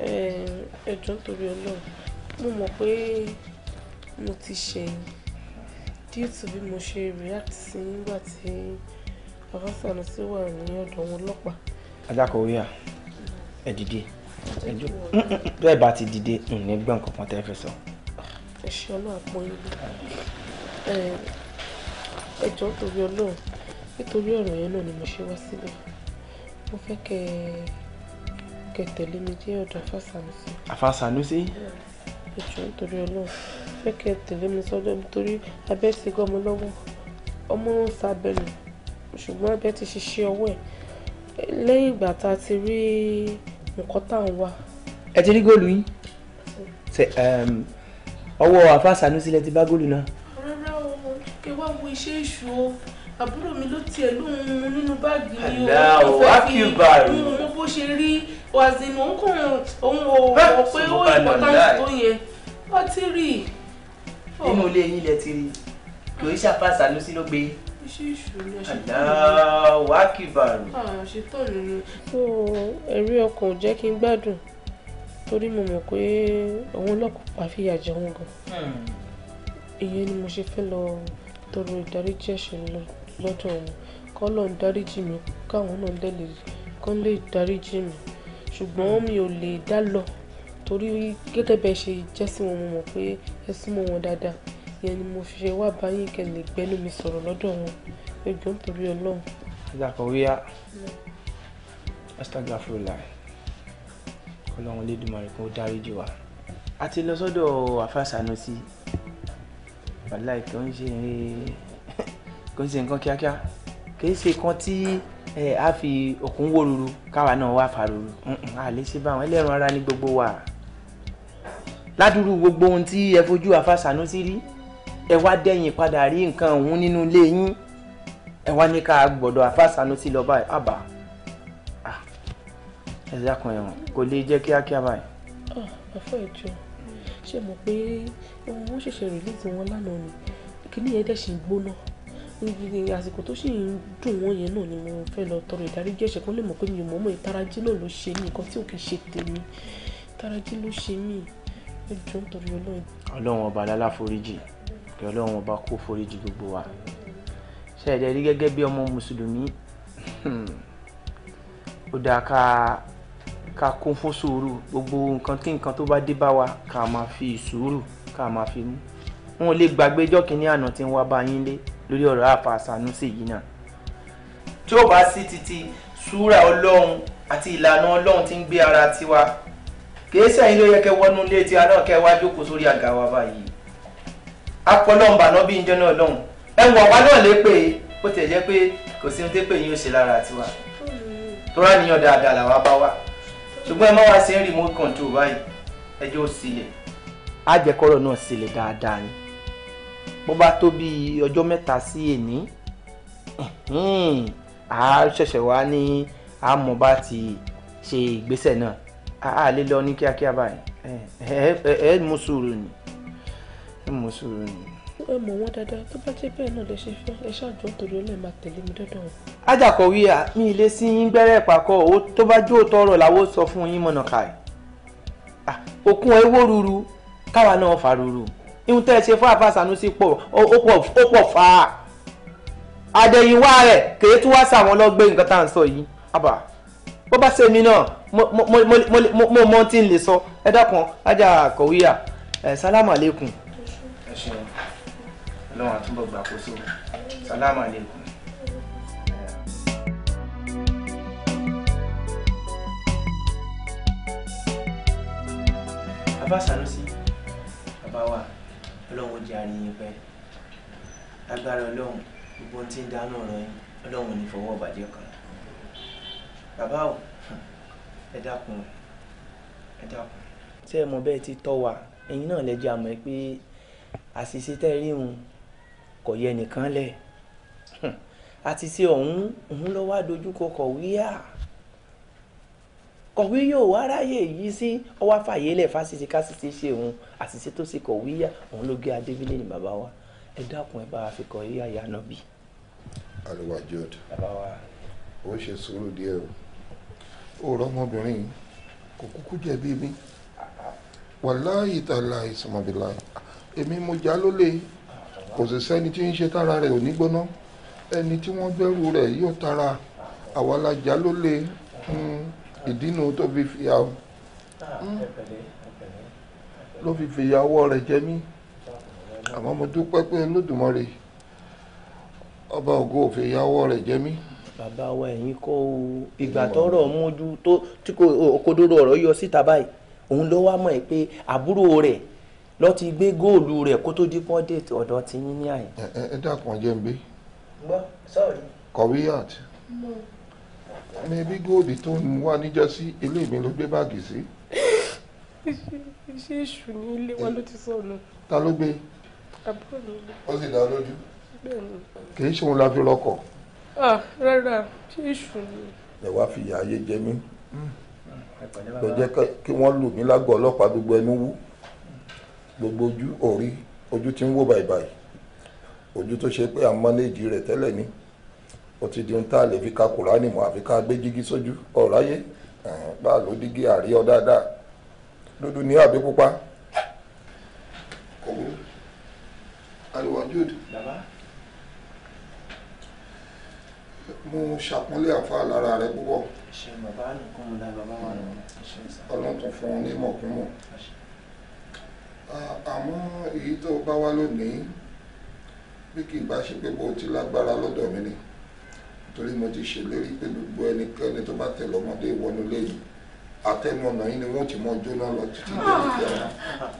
Speaker 1: ẹjọ́ nítorí ọlọ́run mo mọ̀ pé mo ti ṣẹ̀yìn due to bí mo ṣe react sí nígbà tí bàbá Sànúsí wà ní ọ̀dọ̀ àwọn ọlọ́pàá. adákọ̀wé à ẹ dìde ẹjọ́ bẹ́ẹ̀ bá ti dìde ní gbọ́n kankan tẹ́ fẹ́ sọ. ẹ̀ṣẹ̀ ọlọ́run àpọ̀ yín ẹjọ́ nítorí ọlọ́run nítorí ọ̀rọ̀ yẹn náà ni mo ṣe wá síbẹ̀ mo fẹ́ kẹ́ ẹ kẹ́ tẹ̀lé mi dé ọ̀dọ̀ afásanusi. afásanusi. ìjọ nítorí Ọlọ́run fẹ́ kẹ́ tẹ̀lé mi sọ́dọ̀ nítorí abẹ́ ti gọ́ ọmọ lọ́wọ́ ọmọ ń sábẹ́ lò ṣùgbọ́n abẹ́ ti ṣiṣẹ́ ọwọ́ ẹ̀ lẹ́yìn ìgbà tá a ti rí nǹkan tá à ń wá. ẹ ti rí góòlù yín ọwọ́ afásanusi lẹ ti bá góòlù náà. rárá o ìwà wo iṣẹ́ ìṣù o àbúrò mi ló tiẹ̀ lóhun nínú báàgì ni o ó fẹ́ fi mú bó ṣe rí wàzí mò ń kún òun o mọ̀ pé ó important tó yẹ ó ti rí i. nínú ilé yín lẹ ti rí i lòun ṣàpá Sanusi ló gbé ah, so ẹ̀rí ọkàn ò jẹ́ kí n gbádùn torí mo mọ̀ pé òun ọlọ́pàá fìyà jẹ òun gan hmm. ìyẹn ni mo ṣe fẹ́ lọ tọrọ ìdáríjì ẹ̀ṣẹ̀ lọ́dọ̀ wọn kọ́ lọ́n dáríjì mi káwọn náà dẹ̀ lè kọ́ lè dáríjì mi ṣùgbọ́n mi ò lè dá lọ torí gẹ́gẹ́ bẹ́ẹ̀ ṣe jẹ́ sí wọn mo mọ̀ pé ẹ súnmọ́ wọn dáadáa ìyẹn ni mo fi ṣe wá báyìí kẹ́ lè gbẹ́nu mi sọ̀rọ̀ lọ́dọ̀ wọn ojú ń torí ọlọ́run. ìdàkọ̀wéyà astagafurula ọlọ́run lẹ́dùnmarè kó dáríjì wá a ti lọ sọ́dọ̀ àfáà Sanusi wàláì kò ń ṣe kò ń ṣe nǹkan kíákíá kì í ṣe kan tí ẹ á fi òkun wó ruru káwa náà wá fa ruru a lè ṣe báwọn ẹlẹ́ran ara ní gbogbo wa ládùúrú gbogbo ohun tí ẹ fojú àfàsànú sí rí ẹ wá dẹ́yìn padà rí nǹkan ọ̀hún nínú ilé yín ẹ wá ní ká gbọ́dọ̀ àfàsànú sí lọ́ba àbá ah. ẹ dákun ẹ̀wọ̀n kò lè jẹ́ kíákíá báyìí. ọ̀fọ̀ ìjọ ṣe mọ̀ pé wọ́n ṣẹ̀ṣẹ̀ rìlíìsì wọn lánàá ni kíní yẹn dẹ̀ ṣì gbóná iye àsìkò tó sì ń dùn wọ́n yẹn náà ni mo fẹ́ lọ tọrọ ìdáríjì ẹ̀ṣẹ̀ kan lè mọ̀ pé mi ò mọ̀ mọ̀ ìtarají náà ló ṣe mí nǹkan tí ò kì í ṣe tèmi ìtarají ló ṣe mí ẹ jọ ọlọ́run. ọlọ́run ọba lálá foríjì kí ọlọ́run ọba kó foríjì gbogbo wa ṣe rí gẹ́gẹ́ bí ọmọ mùsùlùmí ó dáa ká ká kún fún sùúrù gbogbo nǹkan tí nǹkan tó bá dé bá wa ká máa fi sùúrù ká máa fi mú wọn lè gbàgbé jọ́kìnní àná tí ń wá bá yín lé lórí ọ̀rọ̀ àfa Sanusi yìí náà tí ó bá sí títí súra ọlọ́run àti ìlànà ọlọ́run tí ń gbé ara tiwa kìí sẹ́yìn ló yẹ kẹ́ wọnú ilé tiwa náà kẹ́ wá jókòó sórí àga wa báyìí apọlọ́mbà náà bí ń jẹ́ náà lọ́hùn ẹ wọ̀ wá náà lé pé ó tẹ̀ jẹ́ pé kò sí ohun tó pè yín ó ṣe lára tiwa tó rà níyàn dáadáa làwa bá wà ṣùgbọ́n ẹ má wá sí remote control báyìí ẹjọ́ sílẹ̀ á náà sílẹ̀ dáadáa ni bó bá tó bíi ọjọ́ mẹ́ta sí èní a ṣẹ̀ṣẹ̀ wá ní àmọ́ bá ti ṣe ìgbésẹ̀ náà a lè lọ ní kíákíá báyìí ẹ mú sùúrù ni ẹ mú sùúrù ni. ẹ mọ̀ wọ́n dáadáa tó bá jẹ́ bẹ́ẹ̀ náà lè ṣe fẹ́ ẹ ṣáàjọ́ torí ó lè máa tẹ̀lé mi dọ́dọ̀ wọn. ajakọ̀wé à mi ilé sí yín gbẹ́rẹ́ pàkọ́ tó bá jó tọrọ làwọn sọ fún yín mọ̀nà kàì òkun ẹ wó ruru káwa náà fà ruru ihun tẹ́ ẹ ṣe fún àfà Sanusi pọ̀ ó pọ̀ fà á àdẹ̀yìnwá rẹ̀ kèé tún wá sàwọn lọ́gbẹ́ nǹkan tá à ń sọ yìí àbà bó bá ṣe mí náà mo mọ tí n lè sọ ẹ dákun ajá kọ̀wéyà ẹ sálámà lẹ́kùn. ẹ ṣeun ọlọ́run àtúbọ̀ gbàkóso sálámà lẹ́kùn. Baba Sanusi baba wa ọlọ́run ó jẹ́ àríyìn pẹ́ agbára ọlọ́run gbogbo ohun tí ń dáná ọ̀rọ̀ yín ọlọ́run ò ní fọwọ́ bàjẹ́ kan bàbá ò ẹ dákun ẹ dákun tẹ́ ẹ mọ bẹ́ẹ̀ ti tọ́ wa ẹ̀yin náà lẹ́jọ́ àmọ́ ẹ pé àṣìṣe tẹ́ ẹ rí òun kò yẹ nìkan lẹ̀ àti ṣe ọ̀hún òun lọ́wọ́ àdójúkọ kọ̀wéyà kọ̀wé yóò wá ráyè yìí sí ọwọ́ àfàyè lẹ̀ fásitì kásìtì ṣe òun àṣìṣe tó ṣe kọ̀ wíyá òun ló gé adébílẹ̀ ní bàbá wa ẹ dákun ẹ bá wa fi kọ yíyá ìyá náà bì.
Speaker 4: àríwá jọd ó ṣe sùúrù díẹ̀ o ó rọ ọmọbìnrin kò kúkú jẹ̀bi mi wàláyé tààlà ìsọmọbìlà èmi mo já lólè kò sì sẹ́ni tí ń ṣe tára rẹ̀ ò ní gbóná ẹni tí wọ́n bẹ̀rù rẹ̀ yóò tara àwa la já lólè hmm, ìdínà tó fi fi àwọn ló fi fìyàwó rẹ̀ jẹ mí àmọ́ mo dúpẹ́ pé Olódùmarè ọba ògo òfìyàwó
Speaker 1: rẹ̀ jẹ mí. bàbá wa ẹ̀yin kọ́ o ìgbà tọ́rọ̀ mójú tó tí òkodoro ọ̀rọ̀ yọ síta báyìí òun ló wá mọ̀ ẹ́ pé àbúrò rẹ̀ ló ti gbé góòlù rẹ̀ kó tó dín pọ́n déètì ọ̀dọ̀ ti yín ní àyè. ẹ ẹ dákun ọjọ́ ń gbé. gbọ́ sọ́ọ̀rì. kọ̀wéyàt. mi
Speaker 4: bí góòlù tó ń wá níjọ́sí ilé mi ló gbé báàgì sí
Speaker 1: iṣẹ́ èṣù ní ilé wa ló ti sọnù.
Speaker 4: ta ló gbé.
Speaker 3: àbúrò mi.
Speaker 1: ó sì dá
Speaker 4: lójú. bẹ́ẹ̀ni. kì í ṣòun la fi rọkọ̀.
Speaker 3: rárá ṣé èṣù ni.
Speaker 4: ẹ wá fìyà ayé jẹ mí lọ hmm. jẹ́ kí wọ́n lù mí lágọ̀ọ́ ọlọ́pàá gbogbo ẹnu wú gbogbo ojú òrí ojú tí ń wò bàìbàì ojú tó ṣe pé àmọ́léèjì rẹ̀ tẹ́lẹ̀ ni ó ti di ohun tá a lè fi ka kùránì mọ́ àfi ká gbé jígí sójú ọ̀ráyé báà ló dígí àríọ́ dáadáa dúdú ní àbí pupa. kò burú aliwa jude mo ṣàpọ́nlé àǹfààní lára rẹ púpọ̀ ọlọ́run tó fún un ní mọ̀kúnmọ̀ àmọ́ èyí tó bá wá lónìí bí kì í bá ṣe pé bó ti lágbára lọ́dọ̀ mi ni torí mo ti ṣèlérí pé gbogbo ẹnikẹ́ni tó bá tẹ̀lé ọmọdé wọnú léyìí àtẹnumọ̀nà yìí ni wọ́n ti mọ jóná lọ títí dé ìfẹ́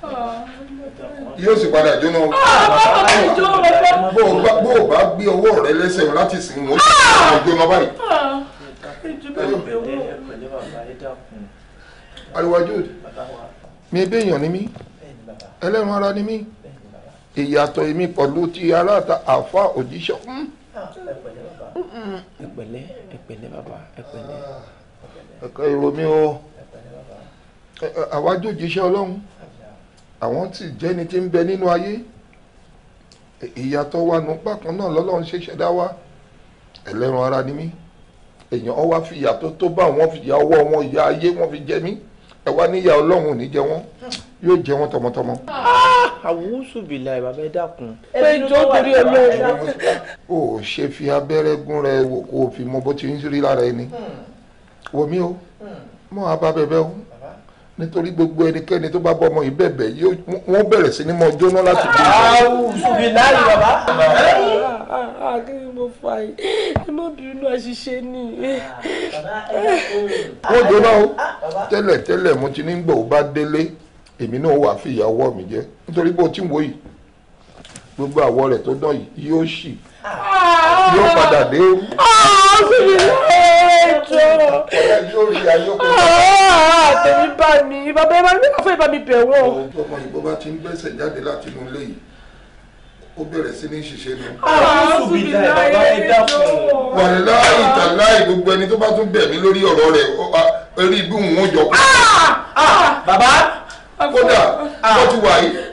Speaker 3: ah. wọn. Ah. yóò sì padà jóná ah,
Speaker 4: o. bó o bá gbé ọwọ́ rẹ lẹ́sẹ̀ wọn láti sìn wọ́n sì mọ jóná báyìí. aliwaju mi ebe èèyàn ni mí ẹlẹ́ran ara ni mí ìyàtọ̀ èmi pẹ̀lú ti aláta àfa òjíṣẹ́. Mm. ẹ̀pẹ̀lẹ́ ẹ̀pẹ̀lẹ́ bàbá ẹ̀pẹ̀lẹ́. ẹ̀kọ́ ìròmí o àwa jòjìṣẹ́ ọlọ́run àwọn tí jẹ́ni tí ń bẹ nínú ayé ìyàtọ̀ wa nù bákan náà lọ́lọ́run ṣe ṣẹ̀dá wa ẹlẹ́ran ara ni mí èèyàn ọwá fi ìyàtọ̀ tó bá wọn fi ìyà ọwọ́ wọn ìyà ayé wọn fi jẹ mí ẹ níyà ọlọ́run ò ní jẹ wọn yóò jẹ wọn tọmọtọmọ. àwùsù bìlà ìbàbẹ dákun.
Speaker 3: péjọ torí ọlọ́run.
Speaker 4: o ṣe fi abẹ́rẹ́ gún rẹ wò kó o fi mọ bó ti ń rí lára ẹni
Speaker 3: hmm. wò mí o hmm.
Speaker 4: mọ abá bẹbẹ o nítorí gbogbo ẹnikẹ́ni tó bá bọ́ ọmọ yìí bẹ̀bẹ̀ wọ́n bẹ̀rẹ̀ sí ní mọ jóná láti gbé e.
Speaker 3: àwùjọbí láàyè bàbá. akíní ah, ah, mo fà yìí ẹ má bínú àṣìṣe ni. wọ́n jóná o
Speaker 4: tẹ́lẹ̀ tẹ́lẹ̀ mo ti ní gbọ̀ ó bá délé èmi náà wà fi ìyàwó mi jẹ́ nítorí bó ti wò yìí gbogbo àwọ̀ rẹ̀ tó dán yìí yóò ṣì yóò padà dé ewu. síbi lẹ́ẹ̀jọ́. ọ̀rẹ́ yóò rí ayọ́kọ̀. Ah, tèmi bá mi
Speaker 1: bàbá ẹ bá mi káfọ́ ìbá mi
Speaker 4: bẹ̀ wọ́n. ọjọ́ ọmọ ìbọn bá ti ń gbẹ́sẹ̀ jáde láti inú ilé yìí ó bẹ̀rẹ̀ sí ní ṣiṣẹ́ ni. Ah, ah, síbi lẹ́ẹ̀jọ́. wàlá ìtàláì gbogbo ẹni tó bá tún bẹ̀ mí lórí ọ̀rọ̀ rẹ̀ eré ibú òun ó jọ. bàbá. kódà wọ́n ti wà yìí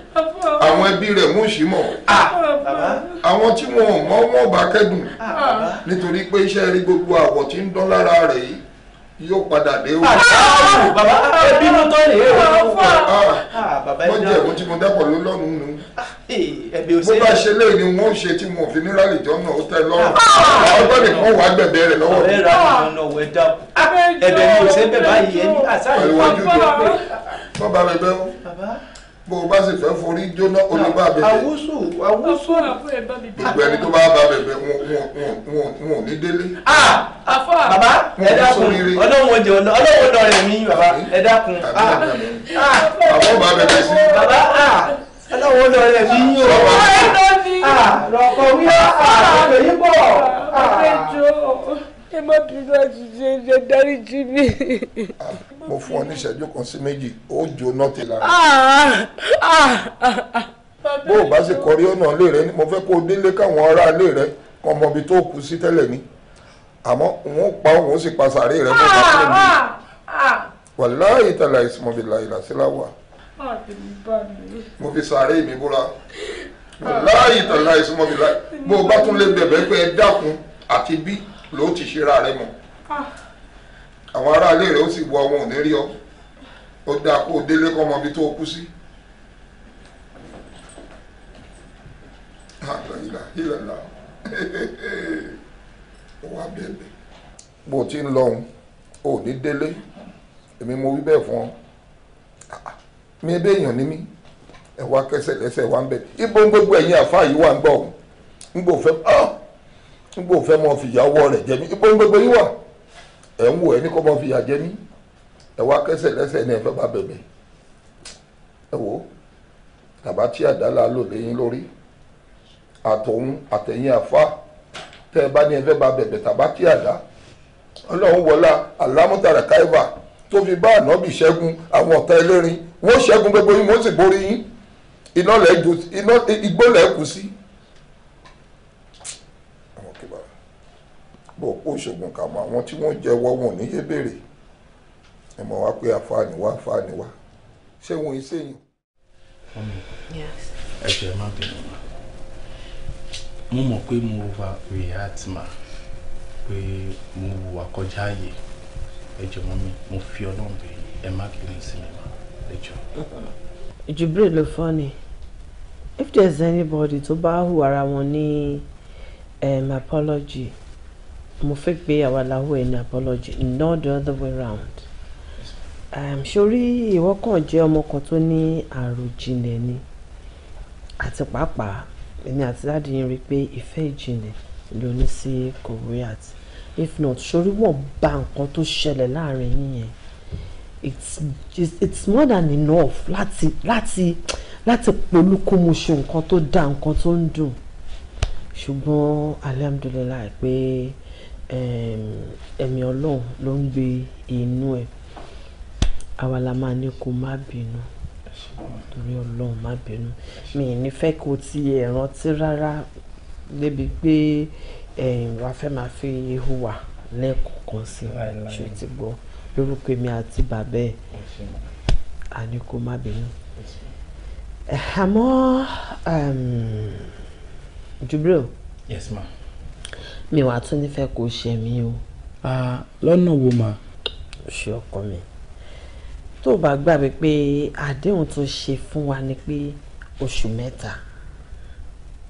Speaker 4: àwọn ẹbí rẹ̀ mú sí mọ̀ ah! Ah! àwọn tí wọn ò wọn bá kẹ́dùn
Speaker 3: ah,
Speaker 4: nítorí pé iṣẹ́ rí gbogbo àwọ̀ tí ń dán lára rẹ̀ yìí yóò padà dé o.
Speaker 3: bàbá ẹbí ló tọ́ lè o.
Speaker 4: wọ́n jẹ́ ìwọ́n tí mo dẹ́pọ̀ ló lọ́rùn nù. Eh, bó bá ṣe lé ni wọ́n ṣe tí mo fi nírà lè jọ́nà ó tẹ́ lọ́rùn. ọgbẹ́ nìkan wà gbẹ̀bẹ̀ rẹ̀ lọ́wọ́ mi.
Speaker 3: mi ò ṣe bẹ̀ báyìí ẹni àṣà
Speaker 4: ìwọ́n. bàbá rẹ̀
Speaker 1: bẹ́ẹ̀
Speaker 4: bó o bá sì fẹ́ forí jóná o lè bá a
Speaker 1: gbogbo
Speaker 3: ẹni
Speaker 4: tó bá bá bẹ̀bẹ̀ wọn ò ní délé.
Speaker 1: bàbá ẹ dákun ọlọ́run
Speaker 4: ọjọ́ ọlọ́run ọ̀rẹ́ mi bàbá
Speaker 1: ẹ dákun. bá
Speaker 3: bẹ̀bẹ̀ sí. bàbá ọlọ́run ọ̀rẹ́ mi yóò. ọ̀rẹ́ mi. rọ̀kọ̀ wíwá àtọ̀yìnbọ̀. ọ̀rẹ́ ẹ má bínú àṣìṣe ṣe dáríjì mi. mo
Speaker 4: fún ọ ní ìṣẹ́jú kan sí méjì ó jóná
Speaker 3: ti lára. Ah, ah,
Speaker 4: ah, bó o bá sì kọrí ọ̀nà ilé rẹ ni mo fẹ́ kó o délé káwọn ará ilé rẹ kọ́ mọ ibi tó kù sí tẹ́lẹ̀ ni àmọ́ òun pa òun ó sì pa sàárè rẹ bó bá tó lè. wàláyé tàlà ìsìmọ̀bì làyìlà sí láwà. mo fi sàárè mi búra wàláyé tàlà ìsìmọ̀bì làyìlà bó o bá tún lè bẹ̀bẹ̀ pé ẹ dákun àti bí ló ti ṣe ra rẹ mọ̀ àwọn aráalé rẹ ó sì wọ ọmọ òní rí ọ ó dáa kó o délé kọ́ ọmọbi tó o kú sí. ó wá bẹ̀bẹ̀ bó o ti ń lọ́hùn ò ní délé èmi mo wí bẹ́ẹ̀ fún ọ mi ebe èèyàn ní mí ẹ wá kẹsẹ̀ lẹ́sẹ̀ wá ń bẹ̀ ibo gbogbo ẹ̀yin àfáà yìí wà ń gbọ̀ ń gbò fẹ́ ah! nígbà òfẹ́ mọ́ fìyà ọwọ́ rẹ̀ jẹ mí ipò gbogbo yìí wà ẹ̀ ń wò ẹ́ ní kọ́ mọ́ fìyà jẹ mí ẹ̀ wá kẹsẹ̀ lẹ́sẹ̀ ní ẹ̀fẹ́ bá bẹ̀bẹ̀ ẹ wò ó tàbá tí àdálà lò léyìn lórí àtòun àtẹ̀yìn àfa tẹ́ ẹ bá ní ẹ̀fẹ́ bá bẹ̀bẹ̀ tàbá tí àdá ọlọ́run wọlá alámútàrà káíbà tó fi bá ànábì ṣẹ́gun àwọn ọ̀tá ẹlẹ́rin wọ́n ṣẹ́gun gbogbo yín wọ́n sì borí yín iná lẹ́ẹ̀kù sí bó kó ṣoògùn kà àwọn tí wọ́n jẹ́wọ́ wọn níyé béèrè ẹ mọ̀ wá pé àfààní wá àfààní wá ṣé wọn ì sèyìn.
Speaker 3: ẹ
Speaker 1: má bẹ̀rù ma mo mọ̀ pé mo wa react ma
Speaker 2: pé mo wà kọjá ààyè ẹ mọ́ mi mo fi ọlọ́run bẹ̀ ẹ má kí n sinmi ma ẹ
Speaker 1: ló fọ́ ni if there's anybody tó bá hùwà ara wọn ní um, apology mo fẹ́ gbé àwa láwọ ẹni apology not the other way round ehm, sórí ìwọ kàn jẹ́ ọmọ kan tó ní àròjinlẹ̀ ni àti pàápàá èmi àti dáàdi yín rí i pé ìfẹ́ ìjìnlẹ̀ ló ní sí Koreat if not sórí wọ́n bá nǹkan tó ṣẹlẹ̀ láàrin yín yẹn it's it's more than enough láti láti láti polúkúmuṣu nǹkan tó dá nǹkan tó ń dùn ṣùgbọ́n alhamdulilayi pé. Like, ẹ̀mí ọlọ́run ló ń gbé inú ẹ̀ àwa la máa ní kó má bínú torí ọlọ́run má bínú mi ì ní fẹ́ kó tiẹ̀ rántí rárá débi pé wàá fẹ́ máa fi hùwà lẹ́ẹ̀kọ̀ọ̀kan sí i ṣe ti gbọ́ lórúkọ èmi àti bàbá ẹ̀ àní kó má bínú. àmọ́ Jubril. yes ma mi wàá tún nífẹ̀ẹ́ kó ṣe mí o. lọ́nà wo mà. ṣe ọkọ mi tó o bá gbà mí pé àdéhùn tó ṣe fún wa ni pé oṣù mẹ́ta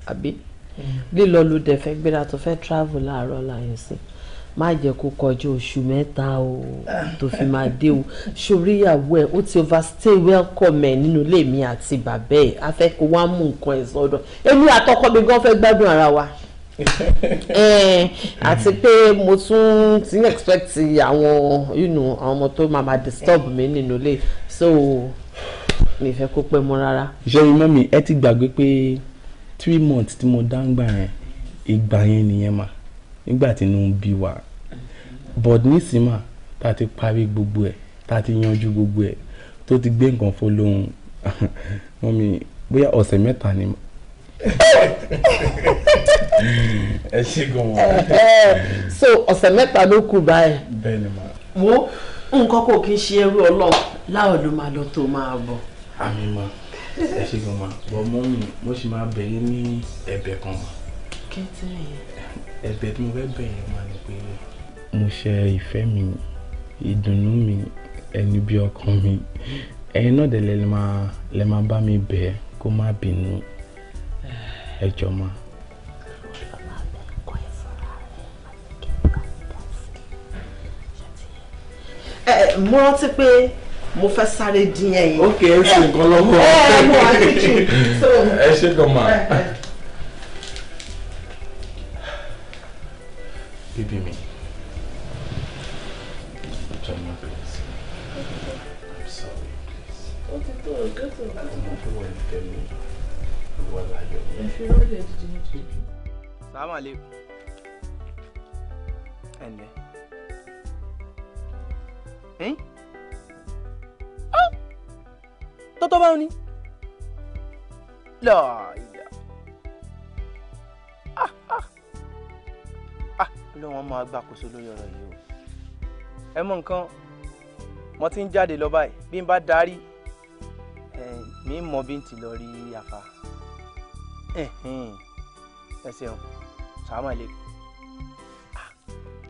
Speaker 1: àbí mm. lílọ lu dẹ̀fẹ́ gbéra tó fẹ́ travel láàárọ̀ láyọ̀ sí má jẹ́ kó kọjá oṣù mẹ́ta o tó fi máa dé o ṣoríyàwó ẹ̀ ó ti overstay welcome ẹ̀ nínú ilé mi àti bàbá ẹ̀ a fẹ́ kó wá mú nǹkan ẹ̀ sọ́dọ̀ èmi àtọkọ mi gan fẹ́ gbádùn ara wa. Eh, àti pé mo tún ti expect àwọn you know àwọn ọmọ tó máa máa disturb mi nínú ilé so mi fẹ́ kó pẹ́ mọ́ rárá. ìṣẹ́yìn mọ́mì ẹ ti gbàgbé pé three months tí mo dá ń gbà yẹn ìgbà yẹn nìyẹn mà nígbà tí inú ń bí wa but nísìnyí mà tá a ti parí gbogbo ẹ̀ tá a ti yanjú gbogbo ẹ̀ tó ti gbé nǹkan fún lóhùn mọ́mì bóyá ọ̀sẹ̀ mẹ́ta ni mà
Speaker 3: ẹ ṣe gan wa.
Speaker 1: so ọ̀sẹ̀ mẹ́ta ló kù báyìí. bẹ́ẹ̀ni ma. wo nǹkan kò kí n ṣe ẹrú ọlọ́run láwọn ló máa lọ tó máa bọ̀. àmì ma
Speaker 2: ẹ ṣe gan ma bọ mọ mi
Speaker 1: mo sì máa bẹ̀ yín ní ẹ̀bẹ̀ kan ma. kẹ́tìrì. ẹ̀bẹ̀ tí mo fẹ́ bẹ̀ yín ma ni pé mo ṣe ìfẹ́ mi ìdùnnú mi ẹni bí ọkàn mi ẹ̀yin náà dẹ̀ lẹ́ máa bá mi bẹ̀ kó má bínú ẹ jọ mo rántí pé mo fẹ́ sáré dín ẹyin. ok ẹ ṣe nǹkan lọ́wọ́ ẹ ṣe gan ma.
Speaker 2: bíbí mi. Go to the bathroom
Speaker 1: ìwọ láyọ̀. ẹ fi rọ́lẹ̀ ti di mọ́tò. sàmà lè ẹ ǹlẹ́ tọ́tọ́ báwo ni láàyè ló wọn máa gbàkóso lórí ọ̀rọ̀ yìí o ẹ mọ nǹkan mo ti ń jáde lọ báyìí bí n bá darí eh, mi mọ bí n ti lọ rí àfa ẹ ṣeun sàmà lè ah,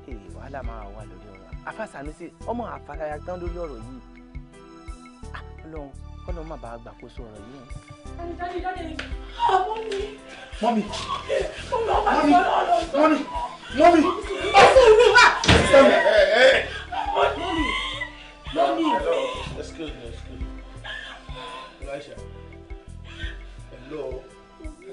Speaker 1: eh, wàhálà máa wà lórí ọ̀rọ̀ afásànúsì ọmọ àfaraya tán lórí ọ̀rọ̀ yìí ah, ọlọ́run ọlọ́run má bàa gbàkóso ọ̀rọ̀ yìí.
Speaker 3: dáàdì dáàdì ọmọ mi. mọ́mí mọ́mí mọ́mí mọ́mí. ẹ ṣe ìwé wa. mọ́mí mọ́mí.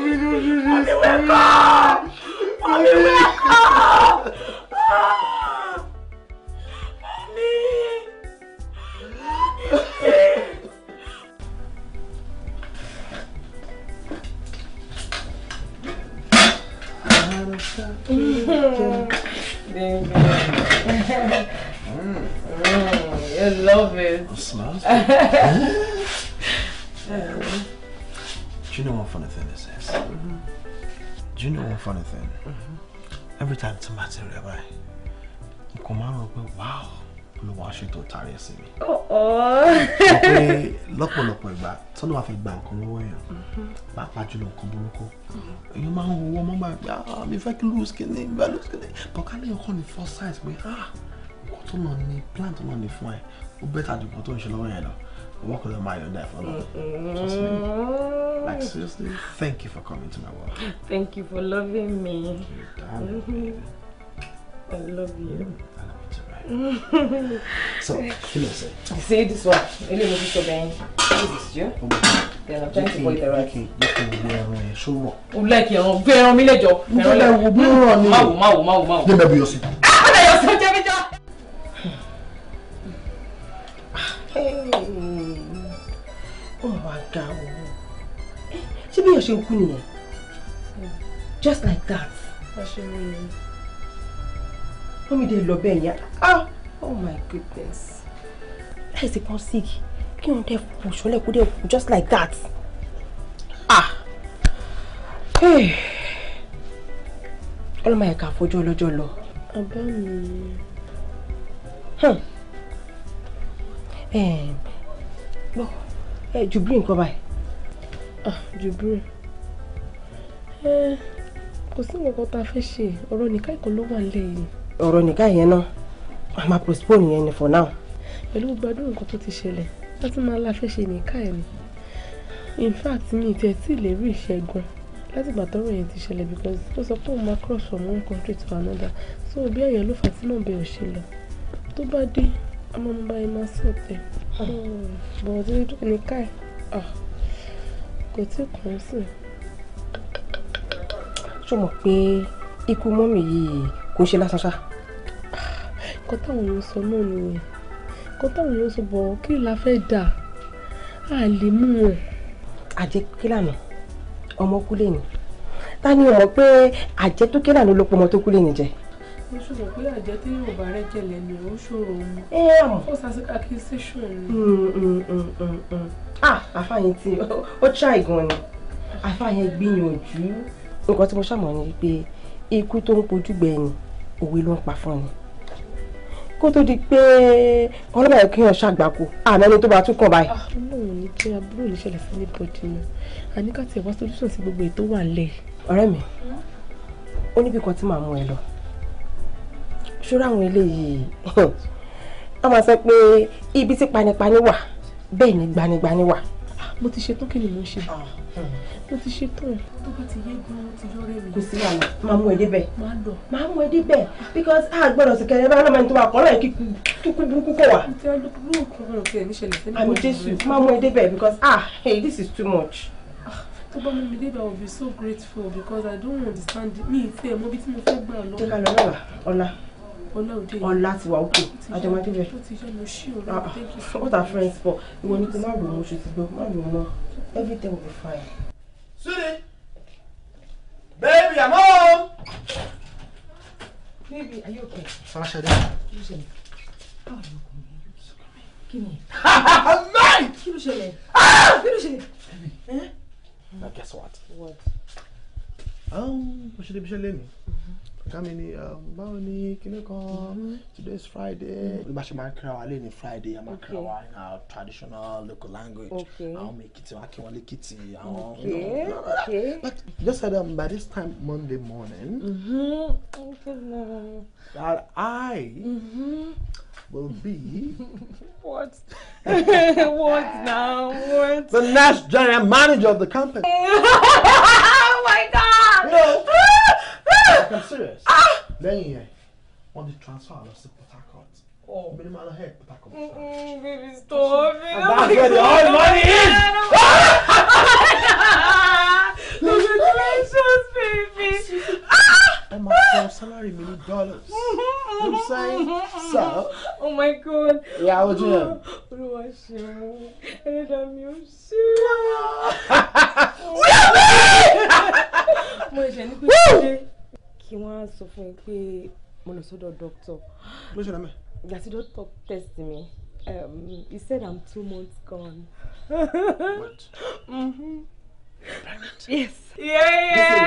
Speaker 3: mi ló ṣe you love it. smells Do
Speaker 1: you know what funny thing is? do you know one funny thing? Mm-hmm. Every time tí màá ti rí ẹ báyìí, mo kàn máa ń rò pé wow olúwa ṣètò tààrí ẹ sí mi.
Speaker 3: ọ̀pẹ
Speaker 1: lọ́pọ̀lọpọ̀ ìgbà tọ́lọ́ wa fi gba nǹkan lọ́wọ́ èèyàn mm-hmm. pàápàá jùlọ nǹkan burúkú
Speaker 3: mm-hmm.
Speaker 1: èèyàn máa ń wo owó ọmọgbà pé ah mi fẹ́ kí lose kìíní mi fẹ́ lose kìíní bọ́kálẹ̀ yẹn kọ́ ni first sight pé ah nǹkan tó lọ ní on the lọ ní fún the ó bẹ́ẹ̀ tàbí nǹkan tó ń ṣe lọ́wọ́ walk a little mile and
Speaker 3: die for love. Trust me. Like seriously,
Speaker 2: thank you for coming to my world.
Speaker 3: Thank you for loving me. Darling, mm -hmm. I love you. I love you too, right? so, you know, say. You see this one? You know, this one. This is you. Yeah,
Speaker 1: oh I'm trying to boil the rice. Ṣé
Speaker 3: o like ẹran bẹ́ẹ̀
Speaker 1: ẹran mi lẹ́jọ́? Mo fẹ́ lẹ́wọ̀ bí ó rọ̀ ni. Máwo máwo máwo máwo. Débẹ̀ bí o sì. ṣe kú nìyẹn just like that. wọ́n mi dé lọ bẹ́ẹ̀ yẹn ah oh my goodness láìsí kan sick kí wọ́n dẹ̀ fò ṣọlẹ̀ kó dẹ̀ kú just like that ah ọlọ́mọ ẹ̀ka àfojọ́ ọlọ́jọ́ lọ. àbá mi. Hmm. Ehm, gbọ́ ẹ jù bí nǹkan báyìí. ah jù bí ẹ kò sí nǹkan tá a fẹ́ ṣe ọ̀rọ̀ nìkan ìkọ́ ló wà nílẹ̀ yìí. ọ̀rọ̀ nìkan yẹn náà a máa postpone yẹn ni for now. pẹ̀lú gbàdúrà nǹkan tó ti ṣẹlẹ̀ láti máa la fẹ́ ṣe nìkan ẹ̀ ni in fact mi ìtẹ̀ tí ì lè rí ìṣẹ́gun látìgbà tọ́rọ̀ yẹn ti ṣẹlẹ̀ because ó sọ pé òun máa cross from one country to another so bí ẹ̀yẹ ló fà tí náà bẹ̀ ọ́ ṣe lọ tó bá dé a máa mú báyìí máa sọ̀ tẹ̀ ah. hmm, bọ̀dé nìkan ẹ̀ ah, kò tí kùn ún sìn ṣó mọ̀ pé ikú mọ́mì yìí kò ṣe lásán ṣá. nǹkan táwọn ló sọ náà nìyẹn nǹkan táwọn ló sọ bọ̀ kí la fẹ́ dà á lè mú wọn. àjẹ kílà ni ọmọ kúlẹ̀ ni ta ni mọ̀ pé àjẹ tó kílà ló lọ́pọ̀ ọmọ tó kúlẹ̀ ni jẹ
Speaker 3: mo ṣòro pé àjẹ tí yóò bá rẹ jẹlẹ
Speaker 1: ni ó ṣòro mu. ẹ ẹ mọ ó sàṣíkà kí ṣèṣù rẹ. ah tí ó try gan ni àfààyàn gbìyànjú nǹkan tí mo ṣàmọ̀ ni pé ikú tó ń pojú gbẹ̀yìn òwe ló ń pa fún ni kó tó di pé ọlọ́bàá yẹn kéèyàn ṣàgbákò àmẹ́ni tó bá tún kàn báyìí.
Speaker 3: ọlọ́run ní
Speaker 1: kí aburú ò ní ṣẹlẹ̀ sí ní bọ́dí mi àníkà tí ẹ̀wá solution sí gbogbo ètò wà lẹ̀. ọ̀rẹ́ mi ó níbi kan tí màá mú ẹ lọ ṣúra àwọn eléyìí wọ́n máa sọ pé ibi tí panipani wà bẹ́ẹ̀ ni gbanigbani wà mo ti ṣetán kí ni mo ṣe mo ti ṣetán. tó bá ti yé gan-an ti lọ́rẹ́ mi. kò sí àná máa mú ẹ débẹ̀. máa lọ. máa mú ẹ débẹ̀ because a gbọ́dọ̀ sí kẹrẹ bá lọ́mọ ẹni tó wà kọ́ lọ́ọ̀ kíkú kíkú burúkú kọ̀ wá. àmì jésù máa mú ẹ débẹ̀ because ah hey this is too much. tó bá mú mi débẹ̀ I will be so grateful because I don't understand me ìfẹ́ mo bí tí mo fẹ́ gbà lọ. jẹ́ ká lọ lọ́la ọ̀la ọlá òkè àjọmọdé rẹ what are friends for ìwọ ni kò má rò mọ oṣù ti gbọ má rò mọ everything will be fine. Sweetie, baby, I'm home. Baby, are you okay? Sasha, there. Listen, how are you coming? Ah, kí ni? Mate! Kí ló ṣẹlẹ̀?
Speaker 2: Ah! Kí ló ṣẹlẹ̀? Baby, eh? Now guess what? What? Um, what should I be telling kámi ni um, báwo ni kíní kan mm-hmm. today is
Speaker 1: friday mm-hmm. bí bá ṣe máa ń kíra wa lé ní friday a máa kíra wa in our traditional local language àwọn ọmọ èkìtì wa kí wọn lèkìtì àwọn but just said um, by this time monday morning
Speaker 3: mm-hmm. Oh,
Speaker 1: that i
Speaker 3: mm-hmm.
Speaker 1: will be what what now what the next general manager of the company oh
Speaker 3: my god no i'm serious ah!
Speaker 1: lẹ́yìn yẹn wọ́n ti transfer lọ sí Port Harcourt oh minimum and head Port
Speaker 3: Harcourt. baby
Speaker 1: stop it! and that's where the whole money is.
Speaker 3: congratulations
Speaker 1: baby. Ah! ẹ máa fọ salary mi dollars. you know what I'm saying?
Speaker 3: so? oh my god. ìyàwó jìnnà. olúwa ṣeun ẹlẹ́dàá mi ò sí. wíwá mi. mo ṣe ní kò
Speaker 1: ṣe kí wọ́n sọ fún mi pé mo lọ sọ́dọ̀ doctor. ló ṣe lámẹ́. ìgbà tí doctor test mi um, he said I'm two months gone.
Speaker 3: what? mm-hmm. pregnant? yes. yeah yeah.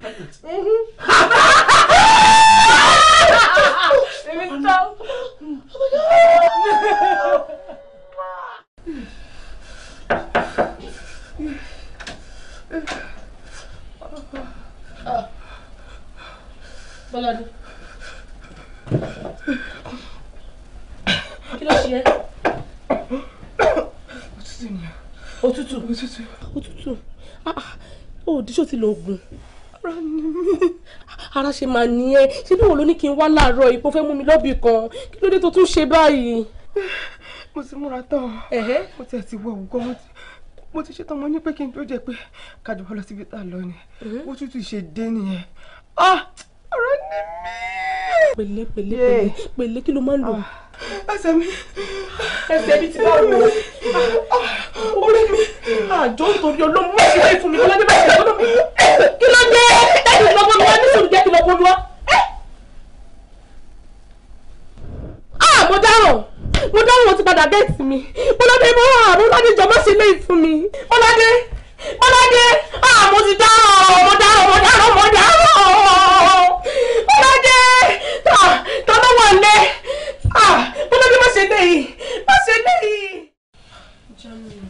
Speaker 3: pregnant. Let me stop.
Speaker 1: Oh my god. Bọ́ládé. Kí ló ṣe ẹ́? Òtútù ni. Òtútù. Òtútù. Òtútù. Ah, ah. Ó díṣó ti lo oògùn. Ara ni mí. Ara ṣe máa ní ẹ. Ṣé bí wọn ló ní kí n wá láàárọ̀ ipò fẹ́ mú mi lọ́bì kan? Kí ló dé tó tún ṣe báyìí? Mo ti múra tán. Mo ti ẹ̀ wọ òògùn kan mo ti ṣetán mo ní pé kí n tó jẹ pé kájọba lọ síbi tá a lọ ni ó tútù ṣe dé nìyẹn ah pẹ̀lẹ́ pẹ̀lẹ́ pẹ̀lẹ́ kí ló máa ń lò. Ah. ẹsẹ̀ mi
Speaker 3: ẹsẹ̀ mi ti bá wò
Speaker 1: orí ah. ah. mi àjọ nítorí ọlọ́mọ má ṣe fún mi kọ́lá débà ìṣẹ̀lẹ̀ ọlọ́mọ
Speaker 3: kí ló dé ẹ̀sìn lọ́gbọ́n mi wá ní
Speaker 1: jẹ́ kí lọ́gbọ́n mi wá. mo dáràn mo dáràn wọn ti padà gẹ̀ẹ́tì mi bọ́ládé mo wà bọ́ládé jọ má ṣe léyìí fún mi bọ́ládé bọ́ládé mo ti dáràn mo
Speaker 3: dáràn mo dáràn mo dáràn ọlọ́dẹ tà tà bá wà lẹ ọlọ́dẹ má ṣe léyìí má ṣe léyìí.
Speaker 1: Jamiu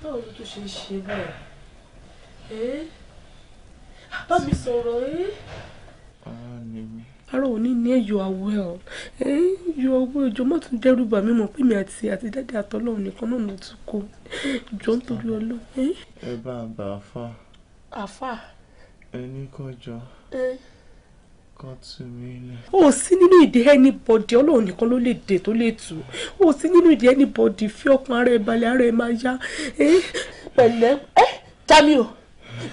Speaker 1: báwo ló tún ṣe ṣe báyìí eh? bá mi sọ̀rọ̀ ẹ́. Arọ òní ni ẹ you are well. you are well ìjọ mọ́tò dẹ́rù bà mí mọ̀ pé mi àti àti dáadé àtọ́lọ́run nìkan náà ló tún kó. Ìjọ ń torí ọlọ́run. Eh?
Speaker 2: Ẹ bá a gbà àfà. Àfà. Ẹni kan jọ
Speaker 1: o sí nínú ìdè anybody ọlọ́run nìkan ló lè dè tó lè tù o sí nínú ìdè anybody fi ọkàn ara ẹ̀ balẹ̀ ara ẹ̀ máa yá pẹ̀lẹ́ Jamiu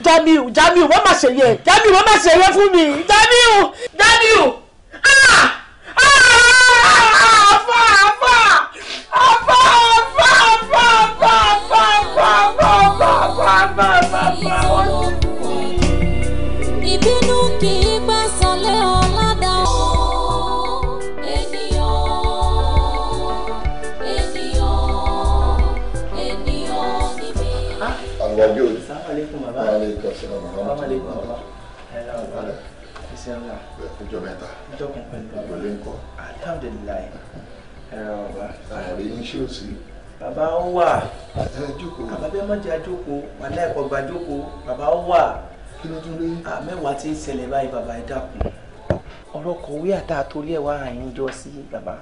Speaker 1: Jamiu Jamiu wọ́n máa ṣe yẹ Jamiu wọ́n máa ṣe yẹ fún mi Jamiu Jamiu ah
Speaker 3: ah afa afa afa afa afa afa afa afa afa afa afa afa.
Speaker 1: sí àlà. ìjọ mẹ́ta ìjọ kan pẹ̀lú
Speaker 4: ọ̀rọ̀
Speaker 3: ìjọ lè ń
Speaker 2: kọ́.
Speaker 1: alhamdulilayi ẹ̀rọ ọba. àwọn èyí ṣé ò sí. bàbá ó wà. ẹ jókòó. bàbá bẹ́ẹ̀ má jẹ́ àjókòó wàlá ẹ̀kọ́ gba jókòó bàbá ó wà. kí ló tún lé. mẹ́wàá ti ń ṣẹlẹ̀ báyìí bàbá ẹ dákun. ọ̀rọ̀ kọ̀wé àtà torí ẹ̀ wá àyín jọ sí bàbá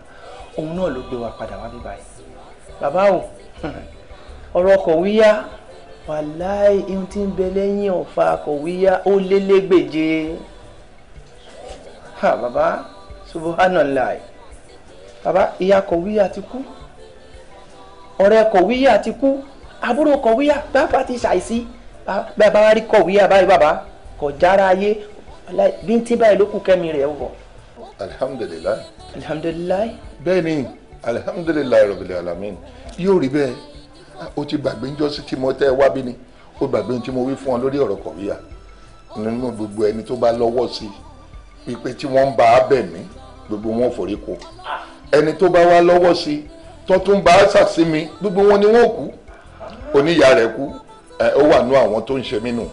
Speaker 1: òun náà ló gbé wa padà wá bí báyìí. bàbá ò ọ̀rọ̀ kọ̀wé yá wàláì ihun tí ń bẹ lẹ́yìn ọ̀fà kọ̀wéyá ó lélẹ́gbèje ha baba subhanallah baba ìyá kọ̀wéyà ti kú ọ̀rẹ́ kọ̀wéyà ti kú àbúrò kọ̀wéyà bàbá ti ṣàìsí bàbá wa rí kọ̀wéyà báyìí baba kò jára ayé bí n tí báyìí ló kù kẹ́mi rẹ̀ wọ̀. alhamdulilayi.
Speaker 4: alhamdulilayi. bẹ́ẹ̀ni rabbil alamin yóò rí bẹ́ẹ̀ o ti gbàgbé ń jọ sí tí mo tẹ́ ẹ wá bí ni o gbàgbé ohun tí mo wí fún ọ lórí ọ̀rọ̀ kọ̀wéyà nínú gbogbo ẹni tó bá lọ́wọ́ sí i ìpè tí wọ́n ń bá a bẹ̀ mí gbogbo wọn forí ko ẹni tó bá wá lọ́wọ́ sí tó tún bá a ṣàṣì mi gbogbo wọn ni wọ́n kú oníyà rẹ̀ kú ẹ ó wà nú àwọn tó ń ṣe mí nù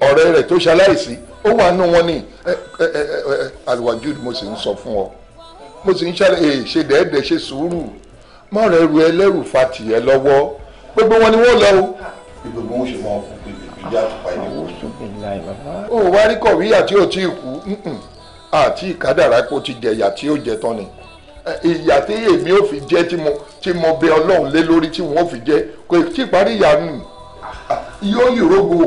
Speaker 4: ọ̀rẹ́ rẹ̀ tó ṣaláìsí ó wà nú wọn ni Alwajud mo sì ń sọ fún ọ mo sì ń ṣe dẹ́ẹ̀dẹ́ ṣe sùúrù mọ́ rẹ̀ ru ẹlẹ́rù fa tìyẹ lọ́wọ́ gbogbo wọn ni wọ́n lọ o gbogbo wọn ṣe máa kú pé ìyá àtùpà ìdíwọ́. ó wá rí kọ̀wé àti òtí ìkú àti ìkádàrá kó ti jẹ ìyà tí ó jẹ tán ni ìyà tí èmi ò fi jẹ tí mo tí mo bẹ ọlọ́run lé lórí tí wọ́n fi jẹ kò tí parí ìyà nù yóò yòrógo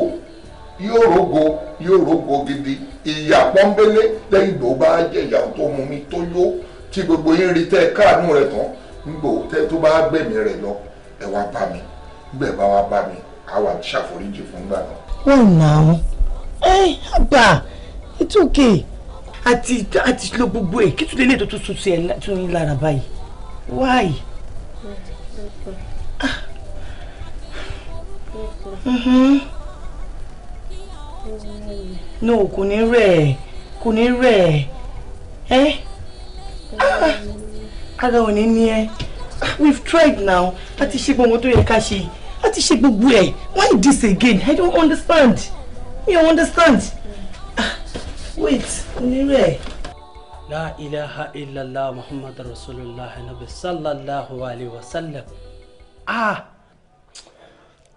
Speaker 4: yóò rógo yóò rógo gidi ìyà pọ́nbélé lẹ́yìn tó bá jẹ ìyà tó mú mi tó yó tí gbogbo yín rí tẹ́ káàánú rẹ̀ tán nígbò tẹ́ tó bá gbẹ̀mí rẹ̀ lọ ẹ wá bá mi gbẹ̀ bá wá bá mi á wà ṣàforíjì fún gbà náà.
Speaker 3: wọ́n nà án
Speaker 1: ẹ́ àbá it's okay àti àti lo gbogbo ẹ̀ kí tún lélẹ̀ tó tún sùn sí ẹ tún yín lára báyìí why. Ah. Mm-hmm. no kò ní rẹ̀ kò ní rẹ̀ ẹ́ ah. ara ò ní ní ẹ we've tried now a ti ṣe gbogbo tó yẹ ká ṣe a ṣe gbogbo ẹ̀ why this again i don't understand mi ò understand wait onírú ẹ̀. la ilaha illallah muhammad rasulillah nabi sallallahu alayhi wa sallam ah.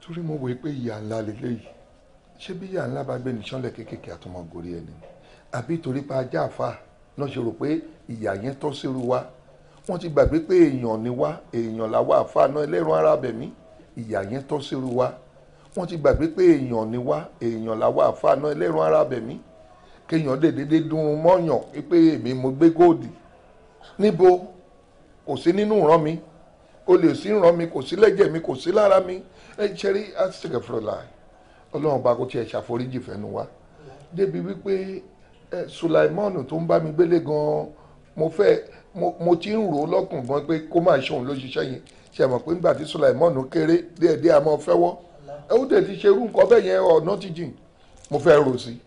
Speaker 4: torí mo wòye pé ìyá ńlá lélẹ́yìí ṣé bí ìyá ńlá bá gbé nìṣánlẹ̀ kéékèèké àtọmọ gorí ẹni àbí torí pa ajá àfa náà ṣe rò pé ìyá yẹn tọ́ sírú wa wọ́n ti gbàgbé pé èèyàn ni wá èèyàn làwa àfa náà ẹlẹ́rùn ara bẹ̀mí ìyá yẹn tọ́ sírú wa wọ́n ti gbàgbé pé èèyàn ni wá èèyàn làwa àfa náà ẹlẹ́rùn ara bẹ̀mí kéèyàn lè dédé dún mọ́yàn pé èmi mo gbé góòdì níbo kò sí nínú ìran mi o lè sí ìran mi kò sí lẹ́jẹ̀ mi kò sí lára mi ẹ ṣẹ́rí àṣìṣe fúrọ̀lá ọlọ́run bá kó tiẹ̀ ṣàforíjì fẹ́nu wa débi wípé ẹ Sulaimanu tó ń bá mi gbélé gan-an mo fẹ́ mo ti ń rò ó lọ́kùn gan pé kó máa ṣe òun ló ṣiṣẹ́ yẹn ṣe mọ̀ pé nígbà tí Sulaimanu kéré díẹ̀díẹ̀ a máa fẹ́wọ́ ẹ ó dẹ̀ ti ṣerú nǹkan bẹ́ẹ̀ yẹn ọ̀nà ti jìn mo fẹ́ rò sí i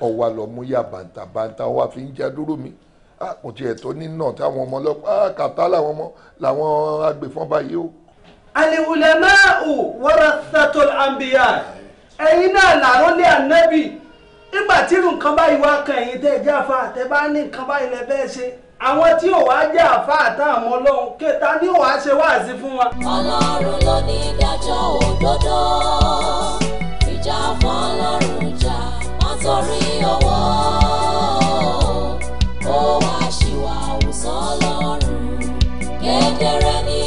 Speaker 4: ọwà lọ mú yà bàǹtà bàǹtà ọwà fi ń já dúró mi ah, kò tiẹ̀ tó ní náà táwọn ọmọ ọlọ́pàá ah, kàtá làwọn ọmọ làwọn agbèfọ́n báyìí o.
Speaker 1: al-ulama'u warathatul anbiya ẹ̀yin náà làrólé ànábì nígbà tí irú nǹkan báyìí wá kan ẹ̀yin tẹ́ ẹ jẹ́ àfa àtẹ bá ní nǹkan báyìí lẹ bẹ́ẹ̀ ṣe àwọn tí ò wá jẹ́ àfa àtàwọn ọlọ́run kẹta ni ò wá ṣe wáàsí fún wa. ọlọ́run
Speaker 3: ló ní ìdájọ́ òdodo ìjà fún ọlọ́run torí owó ó wá ṣìwà àwùsọ lọ́rùn kedere ní.